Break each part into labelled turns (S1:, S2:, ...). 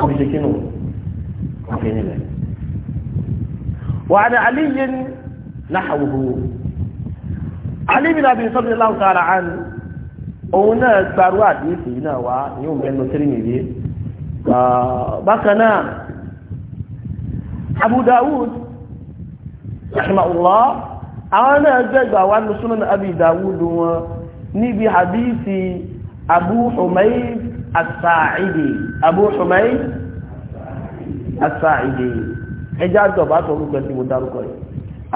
S1: kò ṣe kínú kò fi nílẹ̀.
S2: wàhálà aliyu náhàwùhù aliyu nàbí sọ́dún láwùjọ ta'ala an òun náà gbarú àdéhùn yìí náà wá ní òun bẹ́ẹ̀ lọ sí nìyí. bákan náà abu dawud rahimahullah àwọn náà gbẹ̀gbà wà ní sunan abi dawud wọn níbi hadithi abu humayd asaidi abu humay asaidi ẹjá dọ̀bá tó rúkọ tí mo dárúkọ yìí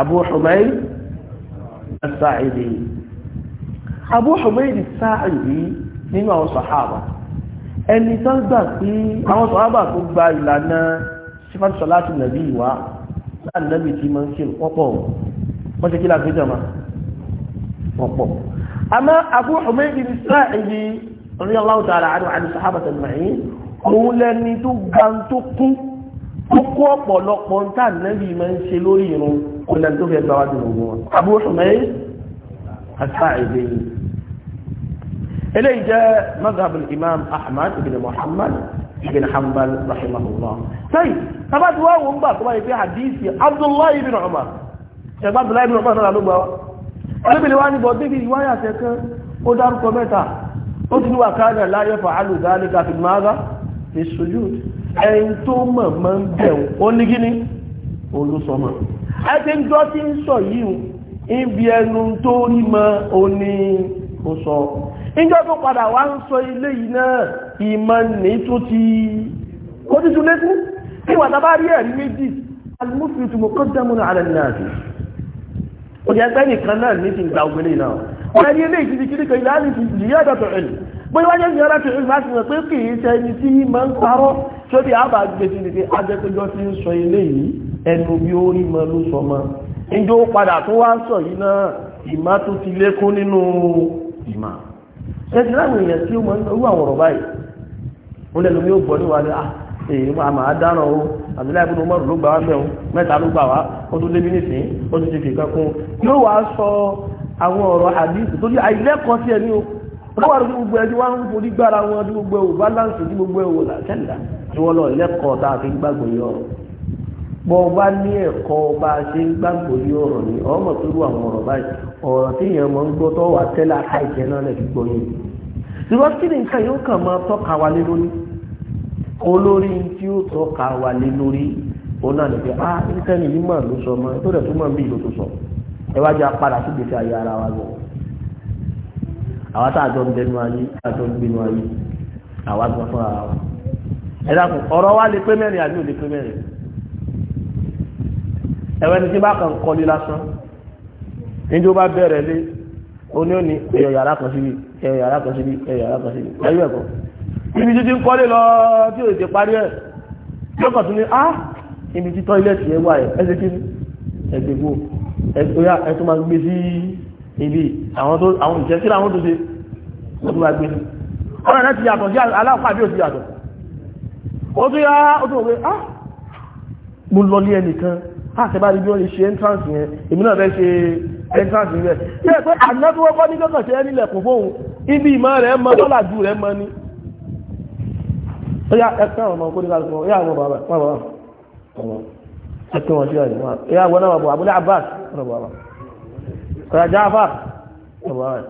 S2: abu humay asaidi abu humay di sáàìdì nínú àwọn sàhábà ẹni tó gbà pé àwọn sàhábà tó gba ìlànà sífàtí sọláàtì nàbí ìwá láàrin nàbí tí ma ń kí pọ́pọ̀ wọ́n ti kí láti jọma pọ̀pọ̀ àmọ́ abu humay di sáàìdì ọ̀rẹ́ aláwọ̀ tààrà àdùn àdùn sàhábàtà màáyín òun lẹni tó ga tó kún tó kó ọ̀pọ̀lọpọ̀ ń tà nẹ́bí máa ń ṣe lórí irun kò tó fẹ́ gba wájú òun wọn Abu Humayd as-Sa'idi eléyìí jẹ́ Mazhab imam Ahmad ibn Muhammad ibn Hanbal rahimahullah sẹ́yìn tábàtí wọ́n wọ́n gbà tó bá yẹ pé hadisi Abdullahi ibn Umar ẹgbẹ́ Abdullahi ibn Umar náà ló gbà wá ọlọ́bìnrin wá ní bọ́ débi ìwáyà kẹ́kẹ́ ó dárúkọ mẹ́ta ó ti ní wà káàdà láyé fàálù dáadéka fi máa fi sojú ẹni tó mọ̀ máa ń bẹ̀rù ó ní gíní ti ń jọ́ tí ń sọ yìí ibi ẹnu tó rí mọ́ ó ní ó sọ ìjọ tó padà wá ń sọ ilé yìí náà ìmọ̀ ní tó ti ó ti lékún ìwà tá bá rí ẹ̀rí méjì almufitu muqaddamun ala an-nas ó jẹ́ pé nìkan náà ní ti gba ògbélé náà ẹni eléyìí ti di kiri kan ìlànà ìyá àdàtọ̀ ẹ̀lì bóyá wájú ìyá àdàtọ̀ ẹ̀lì máa ti mọ̀ pé kì í ṣe ẹni tí máa ń parọ́ tó bí àbá gbèsè nìké ajẹ́pẹ́jọ́ ti ń sọ eléyìí ẹnu bí ó rí mọ ló sọ mọ́ njó padà tó wá ń sọ yìí náà ìmá tó ti lékún nínú ìmá ẹ̀sì láwọn èèyàn tí ó mọ irú àwọn ọ̀rọ̀ báyìí ó lẹ́nu mi ó gbọ́ máa dáná o àbíláì fún ọmọ ló gbà wá mẹ́ta ló gbà wá ó tún débi nísìnyí ó tún ti fi kankan yóò wá sọ àwọn ọ̀rọ̀ àdíṣù torí àìlẹ́kọ̀ọ́ sí ẹni o lọ́wọ́ àti gbogbo ẹni wá ń forí gbára wọn àti gbogbo ẹ̀wò balance àti gbogbo ẹ̀wò làkẹ́là tí wọ́n lọ ìlẹ́kọ̀ọ́ tá a fi gbàgbọ́ yọ ọ̀rọ̀ bọ́ ọ bá ní ẹ̀kọ́ bá a ṣe ń gbàgbọ́ yọ ọ̀rọ̀ ni ọmọ tó rú àwọn ọ̀rọ̀ báyìí ọ̀rọ̀ tí èèyàn mọ̀ ń gbọ́ tó wà tẹ́lẹ̀ àìjẹ́ náà lẹ̀ fi gbọ́ yìí ṣùgbọ́n ah nítẹ́ni yìí mà ló sọ ọmọ tó dẹ̀ tó máa ń ẹwájú apára sí gbèsè ayé ara wa lọ àwa tá àjọ ń bẹnu ayé àjọ ń gbénu ayé àwa gbọ́ fún ara wa ẹ dákun ọ̀rọ̀ wa lè pé mẹ́rin àbí ò lè pé mẹ́rin ẹ̀wẹ́ ni tí bá kàn kọ́lé lásán níjó bá bẹ̀rẹ̀ lé oní òní ẹ̀yọ̀ yàrá kan síbi ẹ̀yọ̀ yàrá kan síbi ẹ̀yọ̀ yàrá kan síbi ẹ̀yọ̀ ẹ̀kọ́ ibi títí ń kọ́lé lọ tí ò ti parí ẹ̀ lọ́kàn tún ní á ah, ibi títọ́ ilé tiẹ̀ wà ẹ̀ ẹ̀ ṣe kí ni ẹ̀gbẹ̀gbọ́ ẹ̀tọ́ máa gbé sí ibi àwọn ìṣẹ́sílẹ̀ àwọn tó ṣe ó tún máa gbé sí ọ̀rọ̀ náà ti yàtọ̀ sí aláàpá bí ó ti yàtọ̀ ó tún yá ó tún wọ́n ah mo lọ lé ẹnìkan àṣẹbá ah, rí bí wọ́n lè ṣe entrance yẹn èmi náà fẹ́ ṣe entrance rẹ̀ tí ẹ̀ pé àná tí wọ́n kọ́ ní kọ́kàn ṣe ẹ́ nílẹ̀kùn fóun ibi ìmọ̀ rẹ̀ mọ dọ́là ju rẹ̀ mọ ni ó yá ẹ̀ka kó ní ká lọ sọ ó yá bàbá bàbá kí wọ́n ti ọ̀yìn wọn ìyá àgbọ̀n náà wà bọ̀ Abul Abbas ọ̀rọ̀ bọ̀ wà kọ̀dà Ja'far ọ̀rọ̀ bọ̀ wà.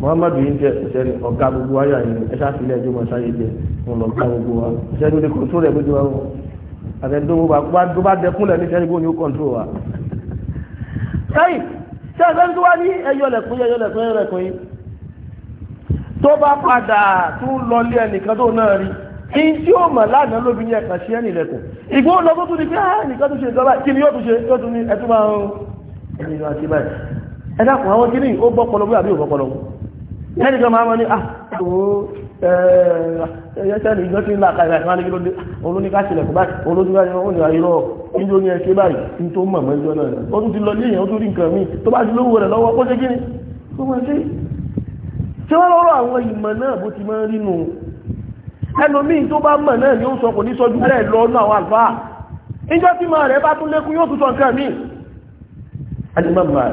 S2: muhammadu yìí ń jẹ ìṣẹ́ni ọ̀gá gbogbo ayé àyè ẹ̀ṣá sílẹ̀ ẹjọ́ mọ̀ ṣáyé jẹ ọ̀lọ́gá gbogbo wa ìṣẹ́ni ó lè kó tó rẹ̀ bójú wa wọ̀ àtẹ̀dọ́gbà tó bá dẹkúnlẹ̀ ní ìṣẹ́ni gbóni ó kọ̀ǹtró wa. sáyì ṣé ẹ̀ṣẹ́ tó wá ní ẹyọ lẹ̀kùn yẹn ẹyọ lẹ̀kùn yẹn ẹyọ lẹ̀kùn yìí tó bá padà tún lọlé ẹnìkan tó náà rí in tí ó mọ̀ lánàá lóbi ní ẹ̀kàn sí ẹnì lẹ́kùn ìgbó lọ tó tún ní pé á ah, nìkan tó ṣe ìjọba kí ni yóò tún ṣe yóò tún ní ẹtú máa ń ẹni ìlú àti báyìí ẹ dákun àwọn kí ni ó bọ́ pọlọ àbí ò bọ́ pọlọ ẹnì kan máa mọ ní à òun ẹyẹsẹ ní ìjọ tí ń là kàìlà ìfún alẹ́ kílódé olóníkà sílẹ̀kùn báyìí olóníkà sílẹ̀kùn ó ní àyírọ̀ níjó ní ẹṣẹ́ báyìí ní tó mọ̀ mọ́ ìjọ náà ó tún ti lọ lé èèyàn ó tún rí nǹkan míì tó bá ti lówó rẹ̀ lọ́wọ́ ó ṣe kí ni ó mọ̀ sí tí wọ́n lọ́rọ̀ àwọn ìmọ̀ náà bó ti máa ń rínú ẹlòmíì tó bá mọ̀ náà ni ó sọ kò ní sọjú bẹ́ẹ̀ lọ náà àwọn àlùfáà níjọ́ tí máa rẹ̀ bá tún lékún yóò tún sọ nǹkan míì alimọ́mọ́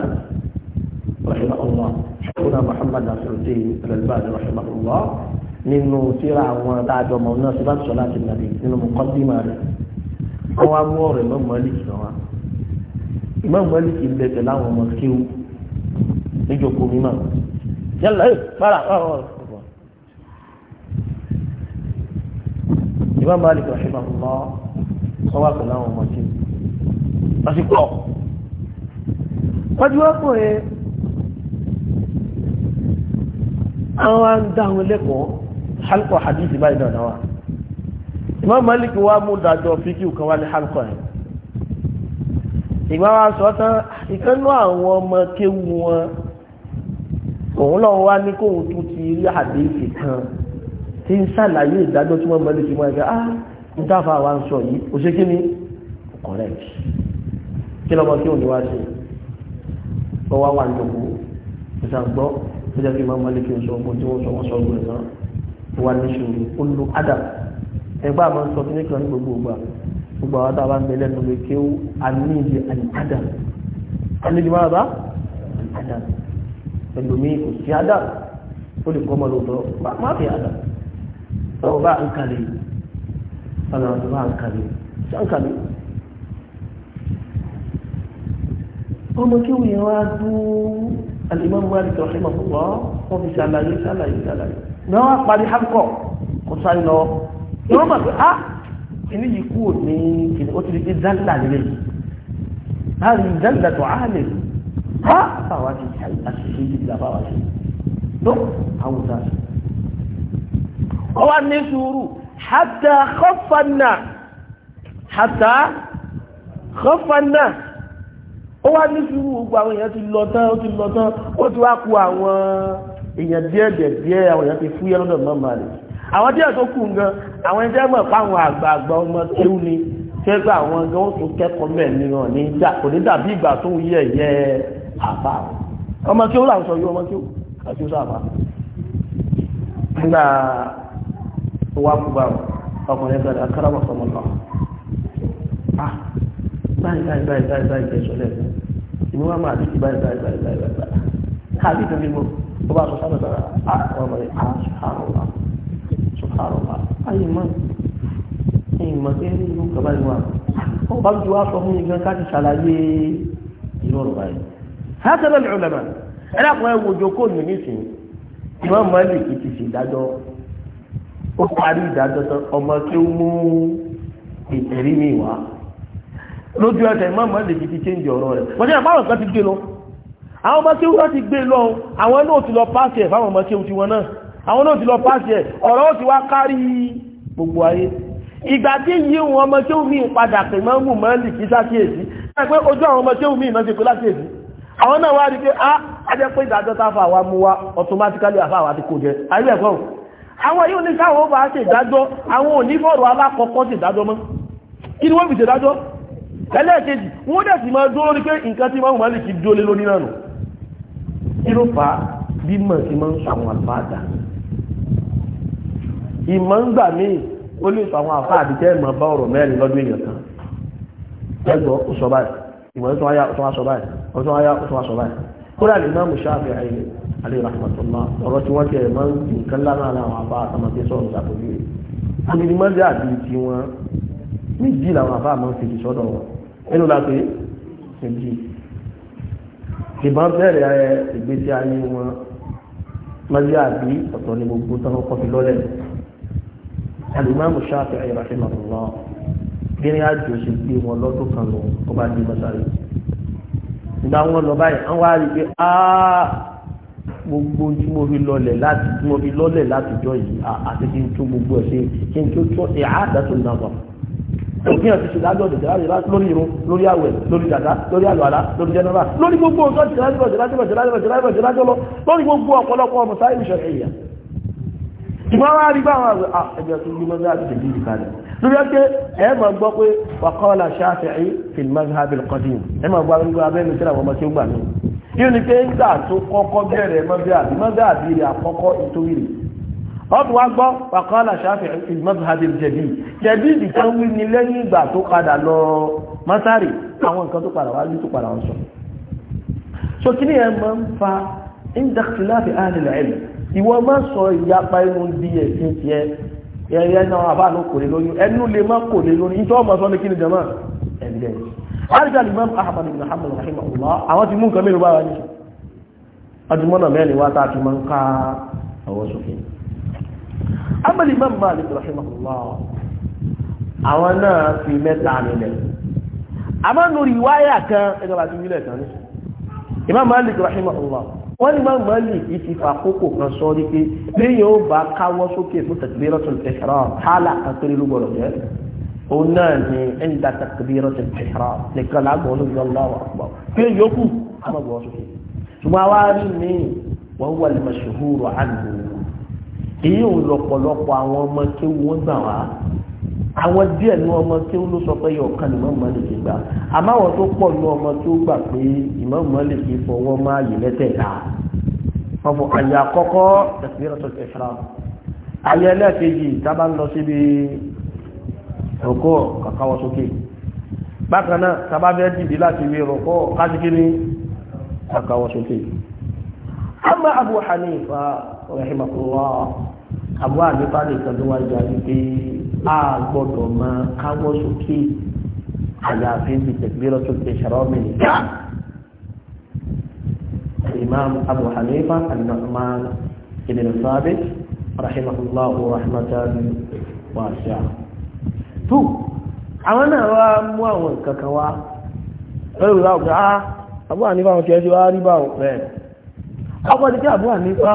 S2: rahimahullah ṣẹ́kùnà muhammad nasiruddin al-albani rahimahullah nínú ọmọ náà síbá sọ láti nàbí yálà ẹ fara ọ̀rọ̀ ìmọ̀ máa lè gbà ṣe máa lọ sọ́wọ́ pẹ̀lú àwọn ọmọ tí wọ́n ti pọ̀ wọ́n ti wọ́n pọ̀ yẹn àwọn wa ń dá àwọn lẹ́kọ̀ọ́ halkọ̀ hadithi báyìí náà náà ìmọ̀ Malik wa mú dájọ́ fíkì kan wá ní halkọ̀ yẹn ìgbà wa sọ tán ìkànnú àwọn ọmọ kéwu wọn òun náà wá ní kóhun tó ti rí àdéhìí kan tí ń ṣàlàyé ìdájọ́ tí wọ́n mọ̀ lókè máa ń ah ń dáfà wa ń sọ yìí ó ṣe kí ni correct kí lọ́mọ tí òun ni wá ṣe ó wá wà ní òkú ìṣàgbọ́ ó jẹ́ kí máa mọ̀ lókè sọ ọkùnrin tí wọ́n sọ wọ́n sọ ọgbọ̀n náà ó wà ní ṣòro ó lo adam ẹgbẹ́ àmọ́ sọ kí ní ní gbogbo ògbà gbogbo àwọn táwa ń bẹ lẹ́nu lókè ó ẹlòmíì kò sí ádà ó lè kọ́ ọmọ lọ́dọ̀ má fi ádà ọ̀rọ̀ bá ń kalẹ̀ ọ̀nà ọ̀dọ̀ bá ń kalẹ̀ ṣá ń kalẹ̀. ọmọ kí wọ́n yẹn wá dú alimọ́ mọ́lẹ̀ tó ṣe máa fọwọ́ wọ́n fi ṣàlàyé ṣàlàyé ṣàlàyé ní wọ́n parí hákọ̀ kò sáré lọ ìwọ́n mọ̀ pé á ah, kìnnì yìí kú ní kìnnì ó ti di dálà nílé láàrin dálà tó á lè ha àbáwá ti ṣàyí àṣìṣe ìdílé àbáwá ṣe tó àwùjá ṣe. ọwọ́ ní sùúrù hàtà kọ́fànà hàtà kọ́fànà ó wá ní sùúrù gbogbo àwọn èèyàn ti lọ tán ó ti lọ tán ó ti wá ku àwọn èèyàn díẹ̀ díẹ̀ díẹ̀ àwọn èèyàn ti fúyẹ́ lọ́dọ̀ mọ́mọ́ rẹ̀ àwọn díẹ̀ tó kù gan àwọn ẹni tẹ́ mọ̀ fáwọn àgbààgbà ọmọ kéwù ni fẹ́ gba àwọn gan ó tún kẹ́kọ̀ọ́ mẹ́rin nìyàn ní ìjà kò ní dàbí ìgbà tó ń yẹ̀ yẹ́ ẹ́ àbá ọmọ kí ó là ń sọ yìí ọmọ kí ó àti ó sábà nígbà wà gbogbo àwọn ọkùnrin ẹgbẹ́ akára wà sọmọ lọ ah báyìí báyìí báyìí báyìí báyìí bẹ́ẹ̀ sọlẹ̀ ìmú wa máa dìtì báyìí báyìí báyìí báyìí báyìí báyìí káàdì tó bí mo ó bá sọ sábà sára ah ọmọ rẹ ah sùhárùmá sùhárùmá ayé mọ́ ẹ̀yìn mọ́ pé ní ìlú kaba ìwà ó bá ju wá sọ fún mi gan káàdì ṣàlàyé ìlú ọ̀rọ̀ báyìí hákẹ́lẹ́ lọ́lọ́mà ẹ dàpọ̀ ẹ wòjò kó nù nísìnyí ìmọ̀ mọ́lì kì í ti ṣèdájọ́ ó parí ìdájọ́ tán ọmọ kí ó mú ìtẹ̀rí mi wá lójú ẹsẹ̀ ìmọ̀ mọ́lì kì í ti ṣéǹjì ọ̀rọ̀ rẹ̀ wọ́n ti rà báwọn kan ti gbé lọ àwọn ọmọ kí wọ́n ti gbé lọ àwọn náà ti lọ pàṣẹ fáwọn ọmọ kí ti wọn náà àwọn náà ti lọ pàṣẹ ọ̀rọ̀ ó ti wá kárí gbogbo ayé ìgbà tí yí wọn ọmọ tí ó padà pè mọ́ mú mọ́ lì kí àwọn náà wá rí pé á ah, ajẹ́ pé ìdájọ́ táfà wa mú wa automatically àfà wa ti kò jẹ ayé ẹ̀kọ́ àwọn yóò ní káwọn ó bá ṣe ìdájọ́ àwọn onífọ̀rọ̀ alákọ̀ọ́kọ́ ṣe ìdájọ́ mọ́ kí ni wọ́n fi ṣe ìdájọ́ ẹlẹ́ẹ̀kejì wọ́n dẹ̀ sì máa dúró ní pé nǹkan tí máa lè kí dúró lé lórí náà nù kí ló ń sọ ìwọ̀n tó wáyá tó wá sọ báyìí ọ̀tún wáyá tó wá sọ báyìí kódà lè máa mú ṣáàfì àyè alẹ́ rahmatullah ọ̀rọ̀ tí wọ́n ti ẹ̀ máa ń dùn kán lánàá àwọn àbá àtàmọ́tẹ́ sọ̀rọ̀ ṣàpèjú rẹ̀ àmì ni mọ́dé àbí tí wọ́n méjì làwọn àbá àmọ́ fèjì sọ́dọ̀ wọn ẹnu la pé méjì ìbọn bẹ̀rẹ̀ ìgbésí ayé wọn bírin àjò ṣe gbé wọn lọ́dún kan lọ tó bá dé mọ́sáré ìgbà wọn lọ báyìí wọn wá rí i pé gbogbo tí mo fi lọlẹ̀ láti tí mo fi lọlẹ̀ láti jọ yìí àti kí n tó gbogbo ẹ̀ ṣe kí n tó tó ìhà àdàtò nàbà òfin àti ṣèdájọ́ ọ̀dẹ̀ ṣẹlá ṣẹlá lórí irun lórí àwẹ̀ lórí dàda lórí àlọ́àlá lórí jẹnẹrà lórí gbogbo ọ̀tọ́ ṣẹlájọ́ ṣẹlájọ́ ṣẹlájọ́ ṣẹlájọ́ ṣẹlájọ́ lọ lórí gbogbo ọ̀pọ̀lọpọ̀ ọmọ sáyé ìṣẹ̀lẹ̀ ìyà ìgbà wa rí bá àwọn àgbẹ̀ ah, ẹgbẹ́ tó gbé mọ́tò àti tẹ̀lé ìdíkalẹ̀ lórí ẹgbẹ́ ẹ máa gbọ́ pé wàkọ́ọ̀lá Shafi'i fil mazhab al-qadim ẹ máa gbọ́ àwọn abẹ́nu tí àwọn ọmọ tí ó gbà mí yóò ní pé nígbà tó kọ́kọ́ bẹ̀rẹ̀ mọ́bíàbí mọ́bíàbí rẹ̀ àkọ́kọ́ ìtòwì rẹ̀ ọdún wa gbọ́ wàkọ́ọ̀lá Shafi'i fil mazhab al-jadid jadid kan wí ní lẹ́yìn ìgbà tó padà lọ mọ́sárì àwọn nǹkan tó padà wá ẹ̀yẹ náà àbá ló kò lè lórí ẹnu lè má kò lè lórí ìjọ ọmọ sọ ní kí ni jama evidence arìjà lè mọ́m ahmad ibn hamad allah àwọn ti mú nǹkan mẹ́rin wá wá ní adúmọ́nà mẹ́rin wá tààtì máa ń ká ọwọ́ sókè wọ́n ní máa mọ́lì yìí ti fa àkókò kan sọ rí pé léyìn ó bá káwọ́ sókè fún takbiratul ihram hálà àtúrí ló gbọ́dọ̀ jẹ́ òun náà ní inda takbiratul ihram nìkan lágbọ̀n olóyún ọlọ́wọ́ àgbà pé yòókù àmọ́ gbọ́ sókè ṣùgbọ́n àwa rí mi wọ́n wà lè mashhuru àdùn èyí ò lọ́pọ̀lọpọ̀ àwọn ọmọ kéwọ́n gbà wá àwọn díẹ̀ ní ọmọ tí ó ló sọ pé ọ̀kan ni Imam Malik gbà àmọ́ àwọn tó pọ̀ ní ọmọ tí ó gbà pé Imam Malik fọwọ́ máa yè lẹ́tẹ̀ẹ̀ta wọ́n fọ àyè àkọ́kọ́ takbiratul ihram àyè ẹlẹ́ẹ̀kejì tábà ń lọ síbi rọ̀kọ́ kàkáwọ́ sókè bákan náà tábà fẹ́ dìde láti wí rọ̀kọ́ kásìkiri kàkáwọ́ sókè. àmọ́ Abu Hanifa rahimahullah àbúrò àdébá nìkan ló wá jà wípé a gbọ́dọ̀ máa káwọ́ sókè àyàfi ń bi tẹ̀gbẹ́rọ̀ tó ti ṣàrọ̀ mi nìkan. الإمام أبو حنيفة النعمان بن ثابت رحمه الله رحمة واسعة tó àwọn náà wá mú àwọn kankan wá ẹ̀rù láwùjọ àbúrò àníbà wọn kẹ́ ẹ́ sí wá rí báwọn bẹ́ẹ̀ ọkọ̀ ti kí àbúrò àníbà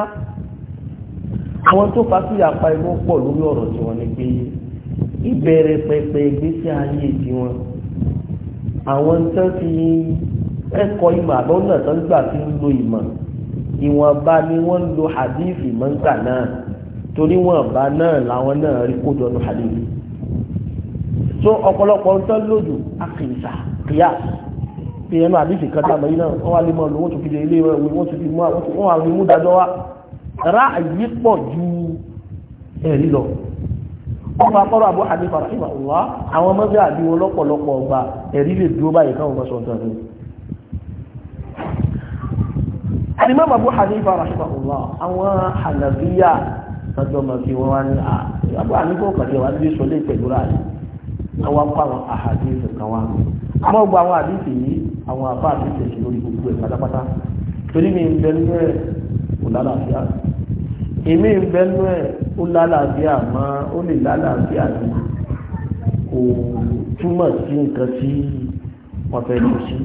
S2: àwọn tó fa sí apá inú pọ̀ lórí ọ̀rọ̀ tí wọ́n ní pé ìbẹ̀rẹ̀ pẹpẹ ìgbésí ayé tiwọn àwọn tó fi ẹ̀kọ́ ìmọ̀ àbọ̀nà tó ń gbà fi ń lo ìmọ̀ ìwọ̀nba ni wọ́n ń lo hadith mọ́ńgà náà torí wọ́n bá náà làwọn náà rí kó dọ̀nù hadith so ọ̀pọ̀lọpọ̀ ń tán lòdù àkìyèsà kìyà fi ẹnu hadith kan tá a mọ̀ yìí náà wọ́n wá lè mọ̀ lò wọ́n tún fi lè ilé wọn wọ́n tún fi mú dájọ́ wá. ráàyí pọ̀ ju lo o ma akọ́rọ̀ abu hanifa rahima ọ̀wá àwọn ọmọdé àbí wọn lọ́pọ̀lọpọ̀ ọgbà ẹ̀rí lè dúró báyìí káwọn ọmọ sọ̀tọ̀ ni alimọ́mọ́ àbú hanifa rahima ọ̀wá àwọn hanabiya lọ́jọ́ mọ̀ sí wọn wá ní àbú ah, hanifa ọ̀kàdé wa níbi sọ lé pẹ̀lú rà ní àwọn akọ́ àwọn àhàdíìsì kan wá àmọ́ gba àwọn àdíìsì yìí àwọn àbá àdíìsì lórí gbogbo torí mi ń bẹ èmi ìbẹ́nu ẹ̀ ó lálàáfíà mọ́ ó lè lálàáfíà ní kò túmọ̀ sí nǹkan tí wọ́n fẹ́ lò sí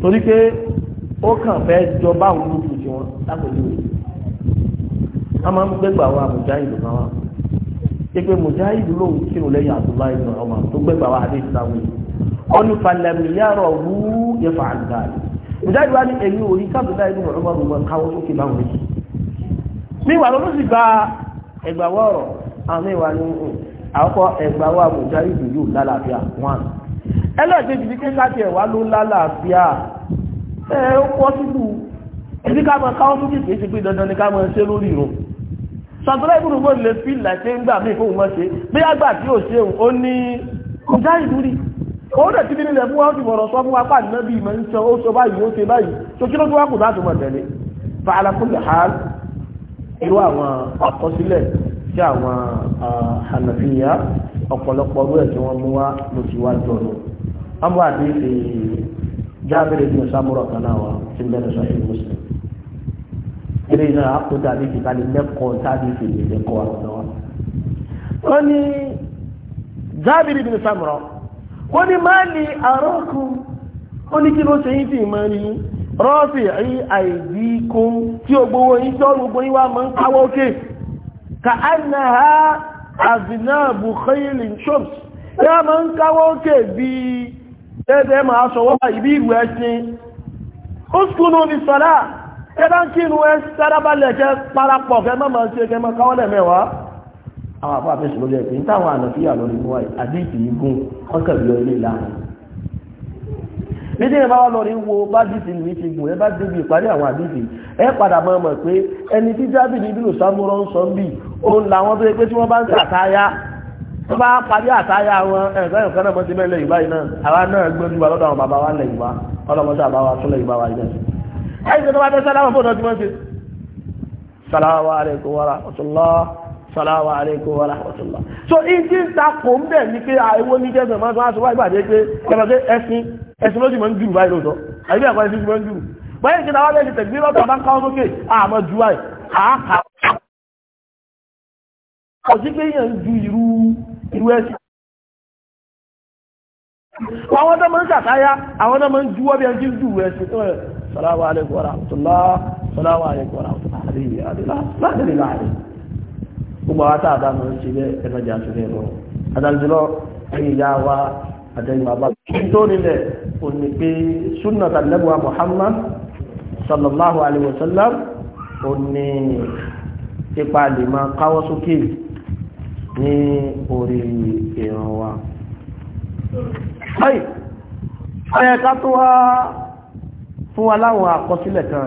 S2: torí pé ó kàn fẹ́ jọba àwọn olóòtú tí wọ́n lápẹ̀lú rẹ̀ a máa ń gbẹ́gbà wa mùjáìlú kan wá pé mùjáìlú lòun kírun lẹ́yìn àdúrà ìlú ọmọ tó gbẹ́gbà wa adé ìsìláwé ọlùfàlẹ̀mìyàrọ̀ wú yẹfà àgbà mùjáìlú wa ní èmi ò rí kábílá ìlú ọmọ gbogbo káwọ́ sókè báwọn méjì níwà ló sì gba ẹgbàwọ́ ọ̀rọ̀ àwọn ìwà ní hmm, àkọ́kọ́ ẹgbàwọ́ àbújárí ìdúró lálàáfíà one ẹlẹ́ẹ̀kejì ní kéńtà tiẹ̀ wá ló lálàáfíà ẹ ó pọ́ síbù ẹbí ká máa káwọ́ sókè kìí ṣe pé dandan ni ká máa ṣe lórí irun sàtúrà ìbùdó wọn lè fi làṣẹ ń gbà míì fóun mọ́ ṣe bí àgbà tí ò ṣe ó ní kọjá ìdúrí òun dẹ̀ ti bí nílẹ̀ fún wa ó ti wọ̀rọ̀ sọ fún wa pàdé náà bí ìmọ̀ ń sọ ó sọ báyìí ó ṣe báyìí tó kí ló tó wá kò láti mọ̀ tẹ̀lé fa alákùnrin hàn irú àwọn àkọsílẹ̀ tí àwọn hànàfíyà ọ̀pọ̀lọpọ̀ ọdún ẹ̀ tí wọ́n mú wá ló ti wá jọ̀rọ̀ wọ́n bá dé ṣe jábẹ̀rẹ̀ ní ọ̀sàmúrọ̀ kan náà wá tí ń bẹ̀rẹ̀ sọ́yìn mùsùlùm eré iná àkójọ àdéhùn ìbáni lẹ́kọ̀ọ́ táàbí ìfèdè lẹ́kọ̀ọ́ àwọn wa. wọ́n ní jábìrì bin sàmúrọ̀ wọ́n ní máa ní àrọ́kù ó ní kí ló ṣe yín sí ìmọ̀ rí rọ́ọ̀sì rí àìdí kún tí ó gbówó yí tó gbogbo yíwá mọ́ ń káwọ́ òkè ka anna ha azinabu khailin shops ya mọ́ ń káwọ́ òkè bí ẹgbẹ́ ma sọwọ́ ibi ìlú ẹṣin ó skúnú bí sọ́lá ẹgbẹ́ ń kínú ẹ sárábálẹ̀ kẹ parapọ̀ kẹ mọ́ máa ṣe kẹ mọ́ káwọ́lẹ̀ mẹ́wàá àwọn àpá àfẹ́sùn ló jẹ́ pé ń táwọn ànàfíà lórí mú àdéhìí gún ọkàn lórí láàrin nídé ẹ bá wá lọ rí wo bá dìtì ní ti gùn ẹ bá débi ìparí àwọn àdìtì ẹ padà máa mọ̀ pé ẹni tí jábì ní bílò sámúrọ̀ ń sọ ń bì òun làwọn tó yẹ pé tí wọ́n bá ń sàtáyà tó bá parí àtáyà wọn ẹ̀ka ẹ̀ka náà mọ́ sí mẹ́lẹ̀ ìgbà yìí náà àwa náà gbé ojú wa lọ́dọ̀ àwọn bàbá wa lẹ̀ ìgbà ọlọ́mọdé àbá wa tó lẹ̀ ìgbà wa yìí náà tó bá fẹ́ sáláwọ̀ wọn ṣe sàláwà àlẹ́kùn wa so ìdí ìtakùn bẹ́ẹ̀ ni pé àìwọ́ ní jẹ́sẹ̀ máa tó wá sí wáyé pàdé pé ẹ̀sìn ẹ̀sìn ló sì mọ́ ń jùrù báyìí lóòótọ́ àbí àpá ẹ̀sìn mọ́ ń jùrù báyìí kí náà lẹ́sìn tẹ̀gbí lọ́tọ̀ bá ń káwọ́ sókè àmọ́ ju àì àákà ọ̀sí pé èèyàn ju irú irú ẹ̀sìn àwọn tó máa ń ṣàtáyá àwọn tó máa ń juwọ́ bí ẹni tí ń ju ẹ̀sìn tó ẹ̀ salamu alaykum wa rahmatullah salamu alaykum wa rahmatullah alayhi alayhi alayhi gbogbo àwọn tá a dá mọ̀ ń ṣe bẹ́ẹ̀ ẹ̀fẹ̀ jà sí bẹ́ẹ̀ lọ adájọ́ ẹ̀yìn ìyá wa àtẹ̀yìn bàbá tó nílẹ̀ ò ní pé súnà tàlẹ́bùwà Muhammad sallallahu alayhi wa sallam ò ní ipa lè máa káwọ́ sókè ní orí ìran wa. Báyìí, ọ̀yẹ̀ ká tó wá fún wa láwọn àkọsílẹ̀ kan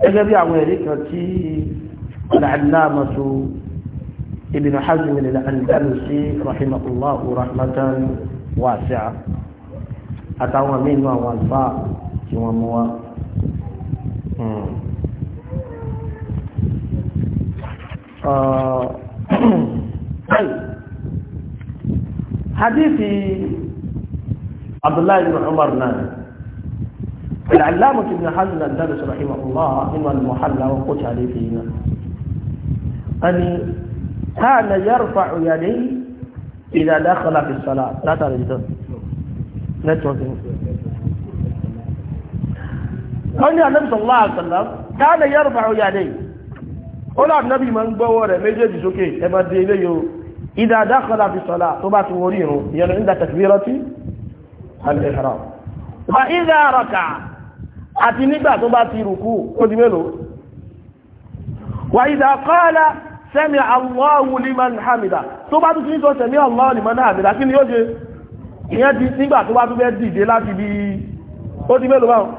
S2: gẹ́gẹ́ bí àwọn ẹ̀rí kan tí al-allamatu ابن حزم الأندلسي رحمه الله رحمة واسعة أتوا من والفاء وموا آه. طيب. حديث عبد الله بن عمر نادر العلامة ابن حزم الأندلسي رحمه الله إما المحلى وقتل فينا أني kana yarfa'u yadayhi idha dakhala fi salat látàrí ìdán nẹ́tíwọ́kì wọ́n ní ànábì sallallahu alaihi wasallam kana yarfa'u yadayhi ó lọ ànábì máa ń gbọ́wọ́ rẹ̀ méjèèjì sókè ẹ máa dé ilé yóò idha dakhala fi salat tó bá ti wọrí irun ìyẹn nígbà takbirati al-ihram wa idha raka'a àti nígbà tó bá ti rùkú ó di mélòó wa idha qala sẹ́mi Allahu liman hamida tó bá tún ti ní sọ sẹ́mi Allahu liman hamida kí ni yóò ṣe ìyẹn ti nígbà tó bá tún fẹ́ dìde láti bí ó ti mélòó báwọn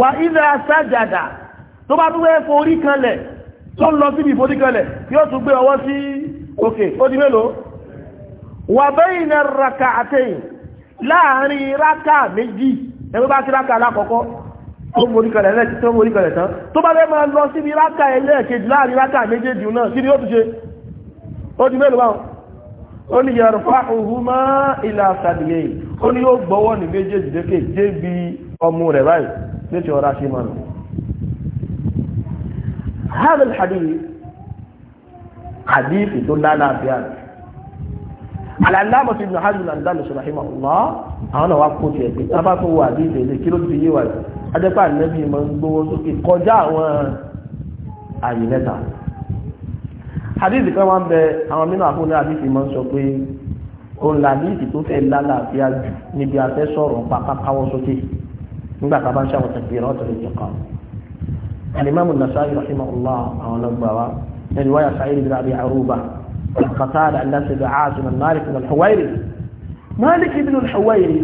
S2: wà ilẹ̀ sájàdà tó bá tún fẹ́ forí kanlẹ̀ tó lọ síbi ìforí kanlẹ̀ yóò tún gbé ọwọ́ sí òkè ó ti mélòó wà bayna rak'atayn láàrin rákà méjì ẹgbẹ́ bá ti rákà alákọ̀ọ́kọ́ tó mórí kalẹ̀ lẹ́ẹ̀kì tó mórí kalẹ̀ tán tó bá lẹ́ máa lọ síbi rákà ẹlẹ́ẹ̀kejì láàrin rákà méjèèjì náà kí ni ó ti ṣe ó di mélòó báwọn ó ní yarfa'uhuma ila sàdìyẹ ó ní yóò gbọ́wọ́ ní méjèèjì dékè débi ọmú rẹ̀ báyìí létí ọ̀rá ṣe máa nù. hadha al-hadith hadith tó lálàáfíà alàlámọ̀ ti yé adẹ́pà nẹ́bí ma ń gbówó sókè kọjá àwọn àyè mẹ́ta hadithi kan máa ń bẹ àwọn mínú àfúnni hadithi máa ń sọ pé òun làdíìtì tó fẹ́ lálàáfíà jù níbi afẹ́ sọ̀rọ̀ pápá káwọ́ sókè nígbà tá a bá ń ṣàwọn tẹ̀gbìrì ọ̀tọ̀ lè jọ̀ka alimami nasa'i rahimahullah àwọn ọlọgbàwa ẹni wáyà sa'id bin abi aruba qatada an-nas bi 'asim an-malik bin al-huwairi malik bin al-huwairi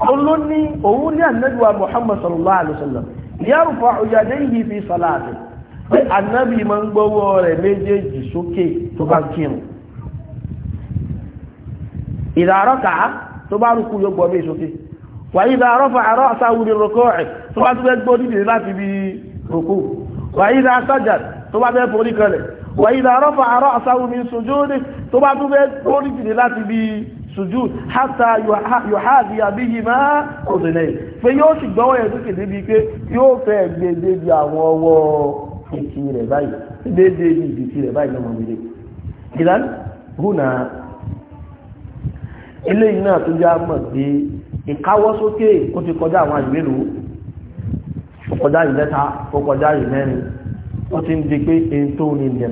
S2: olóní òun ní ànábìwá Muhammad sallallahu alayhi wa sallam yárùfà yadayhi fi salati pé ànábì máa ń gbọ́wọ́ rẹ̀ méjèèjì sókè tó bá kírun idha raka'a tó bá rúkú yóò gbọ́ méjì sókè wà idha rafa'a ra'sahu min ruku'i tó bá tún tó bá tó bá gbọ́ sujud hata yuhadi abiyi ma òdìlẹ̀ pé yóò sì gbọ́wọ́ yẹn sókè débi pé yóò fẹ́ gbé débi àwọn ọwọ́ ìtì rẹ̀ báyìí dédé ní ìdìtì rẹ̀ báyìí lọ́mọ mi lé ìlà hùnà eléyìí náà tó já mọ̀ pé ìkáwọ́ sókè ó ti kọjá àwọn àyè ó kọjá ìlẹ́ta ó kọjá ìmẹ́rin ó ti ń di pé èyí tó ní ilẹ̀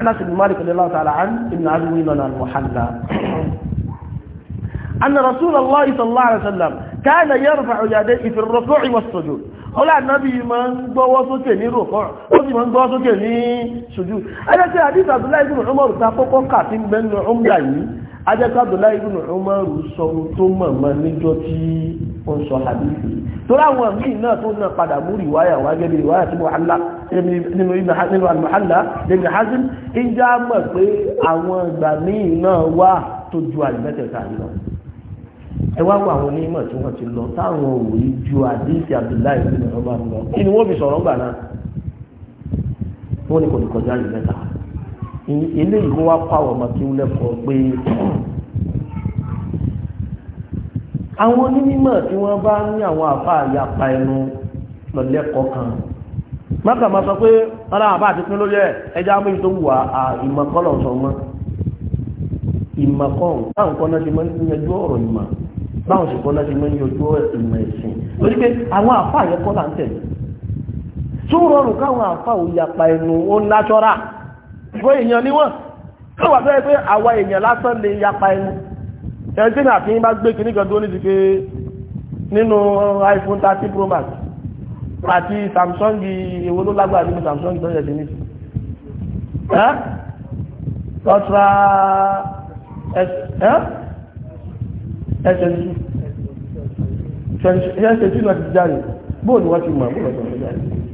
S2: أنس بن مالك رضي الله تعالى عنه ابن عزم لنا المحلى أن رسول الله صلى الله عليه وسلم كان يرفع يديه في الركوع والسجود ọlá ànábì ma ń gbọ́wọ́ sókè ní rọ̀kọ́ ó sì ma ń gbọ́wọ́ sókè ní ṣojú ẹjẹ́sẹ́ àdíta Abdullahi ibn Umar ta kọ́kọ́ kà sí gbẹ́nu ọmọdà yìí ajẹ́sẹ́ Abdullahi ibn Umar sọ tó mọ̀mọ́ níjọ́ tí ó ń sọ hadithi torí àwọn míì náà tó náà padà mú ìwáyà wá gẹ́gẹ́ bí ìwáyà tí mo hàlá nínú àlùmọ́hàlá lèmi hazim ìjà mọ̀ pé àwọn ìgbà míì náà wà tó ju àlùmẹ́tẹ̀ẹ̀ta yìí lọ ẹ wá wọ àwọn onímọ̀ tí wọ́n ti lọ táwọn òwòye ju àdéhìí Abdullahi bin ọba lọ kí ni wọ́n fi sọ̀rọ̀ gbà náà wọ́n ní kò ní kọjá yìí eléyìí wọ́n wá kọ́ àwọn ọmọ wọ́n lẹ́kọ̀ọ́ pé àwọn onímọ̀ tí wọ́n bá ní àwọn àfá àyàpá ẹnu lọ́lẹ́kọ̀ọ́ kan mọ́kà máa sọ pé ọlá àbá àti pín lórí ẹ̀ ẹjá mú ìtò wà á ìmọ̀kọ́lọ̀ sọ mọ́ ìmọ̀kọ́n báwọn kọ́ náà ti mọ́ ní ẹjọ́ ọ̀rọ̀ ìmọ̀ báwọn sì kọ́ náà ti mọ́ ní ọjọ́ ìmọ̀ ẹ̀sìn lórí pé àwọn àfá àyẹ̀kọ́ là ń tó rọrùn káwọn àfá ò yapa ẹnu ó náṣọ́ra fún èèyàn níwọ̀n tó wà fẹ́ pé àwa èèyàn lásán lè yapa ẹnu ẹgbẹ́ náà fi ń bá gbé kíní kan tó ní ti pé nínú iPhone thirty pro max àti Samsung èwo ló lágbára nínú Samsung tó yẹ sí ní sí ẹ́ ultra ss ss twenty ss two náà ti jáde bóòlù wọn ti mọ̀ bóòlù wọn ti jáde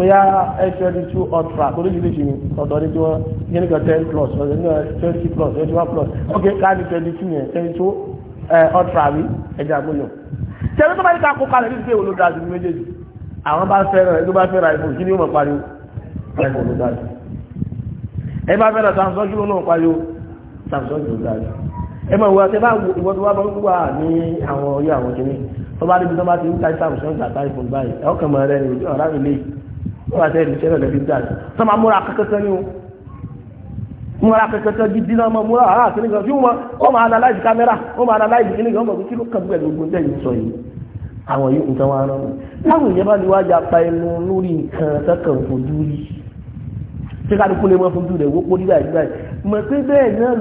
S2: bóyá ẹ̀ṣẹ́dì tú ọ̀tùrà oríṣiríṣi ọ̀dọ́ ní tí wọ́n yẹn nígbà ten plus ọ̀dọ́ ní twenty plus twenty one plus ok káàdì twenty two yẹn twenty two ọ̀tùrà rí ẹ̀jẹ̀ àgbóyọ̀. tẹ̀lé tó bá ní ká kó kalẹ̀ nípa èwo ló dáa ju méjèèjì àwọn bá fẹ́ràn ẹ̀ tó bá fẹ́ràn iphone kí ni yóò máa pariwo iphone ló dáa ju. ẹ bá fẹ́ràn samsung kí ló náà pariwo samsung ló dáa ju. ẹ máa wọ ìwọ tó wá bọ́ wà ní àwọn orí àwọn kìnnì tó bá débi tó bá ti ń ta samsung àtà iphone báyìí ẹ̀ ọkàn mọ̀ rẹ̀ ní ọ̀rá mi léyìí wọ́n àti ẹ̀rì ìṣẹ́lẹ̀ lẹ́bí dáa tó múra kẹ́kẹ́kẹ́ ní o múra kẹ́kẹ́kẹ́ gidi náà máa múra àrà àti nìkan tí wọ́n wọ́n máa analyze camera wọ́n máa analyze kí nìkan bọ̀ kí ló kàn bẹ́ẹ̀ gbogbo tẹ̀yìn sọ yìí àwọn yìí nǹkan wọn rán wọn láwọn ìyẹn bá ní wájà pa ẹnu lórí nǹkan kẹ́kẹ́ fojú rí tí kálukú lè mọ fojú rẹ̀ wó pórí báyìí báyìí mọ̀ pé bẹ́ẹ̀ náà bá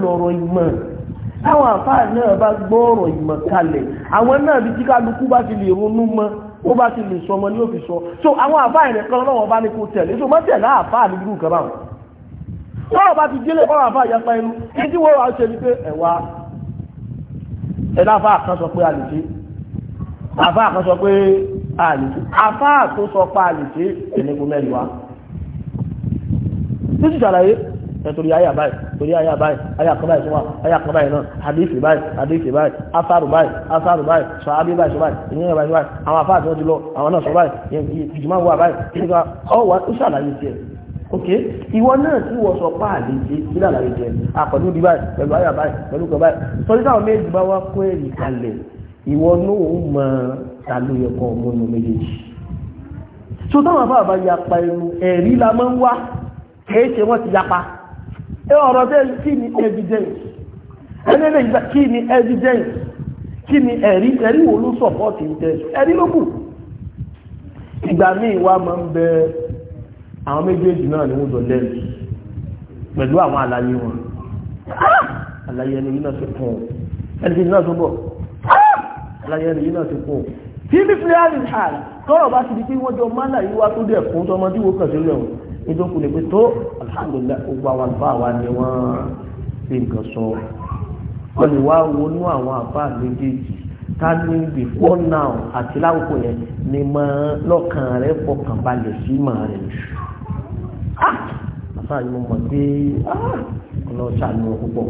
S2: gbọ́ ọ̀rọ̀ ìmọ̀ àwọn náà bí tí kálukú bá ti lè ronú mọ́ ó bá ti lè sọ ọmọ ní òfin sọ so àwọn àbá ìrìn kan lọ́wọ́ bá ní kó tẹ̀lé so mọ́tẹ̀ láàbá ní irú nǹkan báwọn lọ́wọ́ bá ti délé báwọn àbá ìyapa inú kí tí wọ́n wá ṣe ni pé ẹ̀wà ẹ̀dá àbá kan sọ pé a lè ṣe àbá kan sọ pé a lè ṣe àbá tó sọ pé a lè ṣe ẹ̀nìkú mẹ́rin wa tó sì ṣàlàyé nítorí àyà báyìí torí àyà báyìí àyà kan báyìí sọ́wọ́ àyà kan báyìí náà àdéhìsì báyìí àdéhìsì báyìí afárù báyìí afárù báyìí sọ abé báyìí sọ báyìí ìyẹn báyìí sọ báyìí àwọn afárù tí wọ́n ti lọ àwọn náà sọ báyìí ìjùmọ̀ wà báyìí nígbà ọwọ́ ó ṣàlàyé tiẹ̀ ok ìwọ náà tí wọ́n sọ pa ṣe kí lálàyé tiẹ̀ àpẹ̀lú di báyìí pẹ̀lú àyà báyìí pẹ̀lú kan báyìí sọdí táwọn méjì bá wá kó èrì kalẹ̀ ìwọ náà ó mọ ta so táwọn afárù bá yapa ẹnu ẹ̀rí la máa ń wá kì ẹ ọ̀rọ̀ bẹ́ẹ̀ kí ni evidence ẹni lè gba kí ni evidence kí ni ẹ̀rí ẹ̀rí wo ló sọ̀pọ̀tì ń tẹ̀ ẹ̀rí ló kù ìgbà míì wá máa ń bẹ àwọn méjèèjì náà ni wọ́n jọ lẹ́nu pẹ̀lú àwọn àlàyé wọn ah! àlàyé ẹni yìí náà ti kún ẹni kejì náà tó bọ̀ ah! àlàyé ẹni yìí náà ti kún tí bí fúlẹ́ àrùn àrùn tọ́rọ̀ bá ti di pé wọ́n jọ mánà yìí wá tó dẹ̀ fún tọmọdé wo kàn sílẹ̀ wọn nítorí kò lè pé tó alhamdulilayi gbogbo àwọn àlùfáà wa ni wọ́n fi nǹkan sọ wọ́n lè wá wọnú àwọn àlùfáà méjèèjì ká ní before now àti láwùjọ yẹn ni mọ lọ́kàn rẹ̀ fọkàn balẹ̀ sí mọ̀ rẹ̀ ah! àfáà yìí mo mọ̀ pé ah! ọlọ́ọ̀ṣà ni wọ́n púpọ̀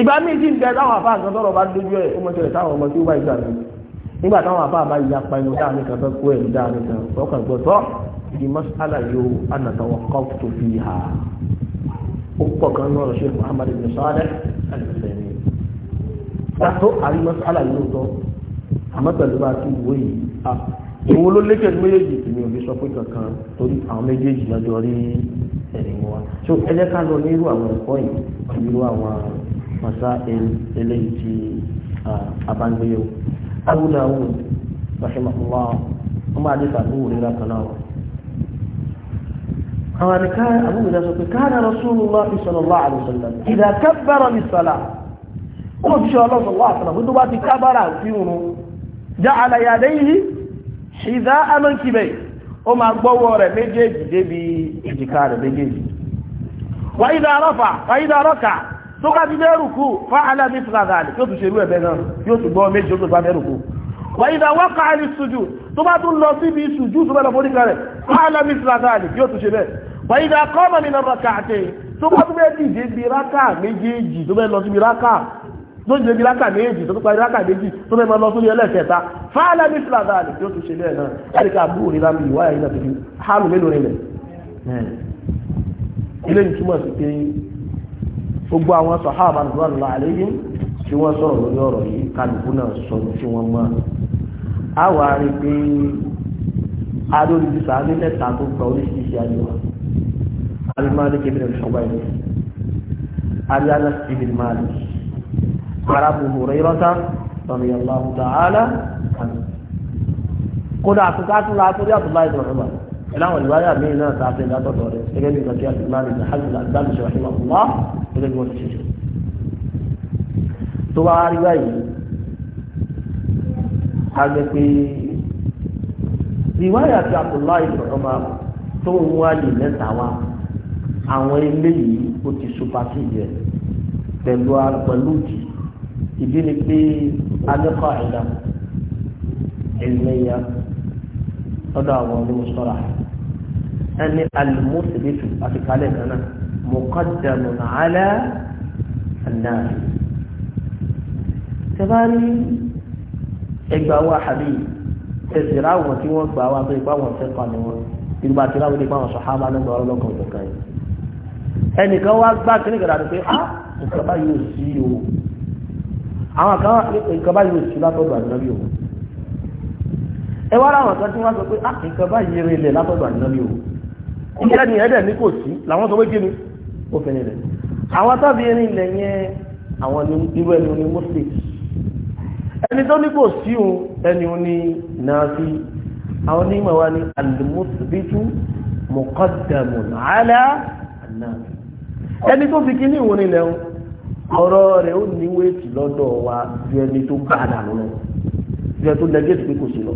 S2: ìgbà míì tí ń bẹ táwọn àfáà kan tọrọ bá dójú ẹ ó mọ ṣẹlẹ̀ táwọn ọmọ tí ó bá ìgbà mi nígbà táwọn àfáà bá ìyá pa ẹnu dáa nìkan fẹ́ kó ẹnu dáa nìkan fọkàn gbọ́tọ́ di masala yóò ana tawaqqaftu fiha ó pọ̀ gan ní ọ̀rọ̀ Sheikh Muhammad ibn Salih al-Uthaymeen tàtó àrí masala yóò tọ́ àmọ́ pẹ̀lú bá ti wò yìí a ìwọ ló lékè méjèèjì mi ò fi sọ pé kankan torí àwọn méjèèjì lọ́jọ́ rí ẹ̀rìn wa so ẹ jẹ́ ká lọ ní irú àwọn ẹ̀kọ́ yìí irú àwọn masa eléyìí tí abáńgbéyẹ̀wò Abu Dawud rahimahullah ọmọ adé tàbí òrìrà kan náà wà. àwọn àdìká àbúrò ìdá sọ pé káàdà Rasulullah sallallahu alaihi wasallam idha kabbara ní sọ́lá ó ti ọlọ́sọ̀ wà sọ́lá tó bá ti kábàrà sí òun ja'ala yadayhi ṣìdá amọ́kìbẹ̀ ó máa gbọ́wọ́ rẹ̀ méjèèjì débi èjìká rẹ̀ méjèèjì wa idha rafa wa idha raka tó ká ti dẹ́rù kú fa'ala mithla dhalik yóò tún ṣerú ẹ̀bẹ̀ náà yóò tún gbọ́ méjì wa idha waqa'a lis tó bá tún lọ síbi ìṣùjú tó bẹ́ẹ̀ lọ forí kalẹ̀ alami sàtàlì yóò tún ṣe bẹ́ẹ̀ wàyídà kọ́mọ̀ nínú rọ̀kà àti tó bá tún bẹ́ẹ̀ dìde bí rákà méjèèjì tó bẹ́ẹ̀ lọ síbi rákà tó jẹ́ bí rákà méjì tó parí rákà méjì tó bẹ́ẹ̀ lọ sórí ẹlẹ́kẹta fáálà ní sàtàlì yóò tún ṣe bẹ́ẹ̀ náà ẹ̀ríkà a wà rí pé adóríbi sàábé mẹ́ta tó gba oríṣiríṣi àjọwà alimọ́lé kébìrì ìṣọ̀gbà ìlú aliana steven mali arabu hurairata sọ̀rọ̀ yàrá ta'ala kódà àtúntà tún la àtúndì àtúndà ìdùnnú ọ̀hún ìlànà ìwáyà míì náà ta fẹ́ látọ̀tọ̀ rẹ̀ gẹ́gẹ́ bí ìgbàgbé àti ìmáàlì ní hajjul abdul ṣe wà ní wàhùnmá gẹ́gẹ́ bí wọ́n ti ṣe tó bá rí báyìí àgbẹ̀ pé ìwáyà tí Abdullahi sọ̀rọ̀mà tó ń wáyé mẹ́ta wá àwọn eléyìí ó ti supasi yẹ pẹ̀lú pẹ̀lúùtì ìdí ni pé alẹ́kọ̀ọ́ àìdá ẹ̀lẹ́yà lọ́dọ̀ àwọn onímọ̀sọ́ra ẹni alimọ́sibítù àti kálẹ̀ kanáà mọ̀kọ́dàmù nàálẹ́ àdáyé. tẹ́bárí ẹgbàá wà àbí ẹsẹ̀rẹ̀ àwọn tí wọ́n gbà wá pé ipá wọn fẹ́ kan ni wọn ìgbà tí láwọn ilé ìpáwọn sọ̀hábà ló ń gbà ọlọ́kàn ìjọba yìí ẹnìkan wá gbá kíní gàdá ni pé á ah, nǹkan bá yóò sí o àwọn kan nǹkan bá yóò sí látọ̀dọ̀ ànábì o ẹ wá láwọn kan tí wọ́n sọ pé á ah, nǹkan bá látọ̀dọ̀ ànábì o ẹni tó ní kò sí òun ẹni òun ní nàáfi àwọn onímọ̀ wa ní alimusibitu mọ̀kọ́dàmù nàálà nàáfi ẹni tó fi kíní ìwọ̀n nílẹ̀ ọ̀rọ̀ rẹ̀ ó níwèé tì lọ́dọ̀ wa ju ẹni tó gbà dànù lọ ju ẹni tó lẹ́gẹ̀ẹ́sì kò sí lọ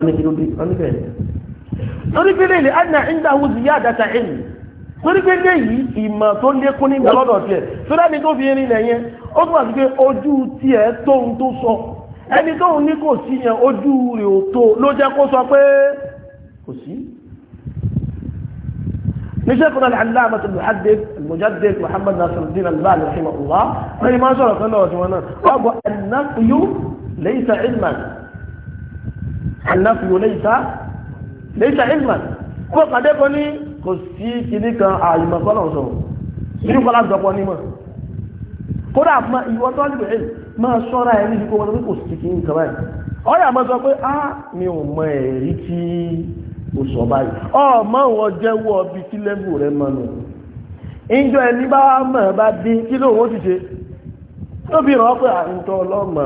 S2: wọ́n ní kí ló dé wọ́n ní bẹ́ẹ̀ torí pé léyìí ana fi ó túnmọ̀ sí pé ojú tiẹ̀ tóun tó sọ ẹni tóun ní kò sí yẹn ojú rẹ̀ ò tó ló jẹ́ kó sọ pé kò sí ní sẹ́kùnrin aláàmà tó lùhàdé mùjáde muhammad nasiruddin albani rahimahullah wọ́n ni máa sọ̀rọ̀ kan lọ́wọ́ tí wọ́n náà wọ́n gbọ́ annafiyu laysa ilman annafiyu laysa ilman kó pàdé kan ní kò sí kìnnìkan àyùmọ̀kọ́ náà sọ̀rọ̀ nínú kọ́lá gbọ́pọ̀ nímọ̀ kódà ìwọ tó lè bẹ̀rẹ̀ máa ṣọ́ra ẹ̀rí ìdíkò wọn kò sí kí n kà báyìí sọ pé a mi ò mọ ẹ̀rí tí o sọ báyìí tí lẹ́bù rẹ mọ nù ìjọ ẹni bá mọ̀ bá dín kí ló wọ́n ti ṣe tóbi rọ pé àǹtọ̀ ọlọ́mọ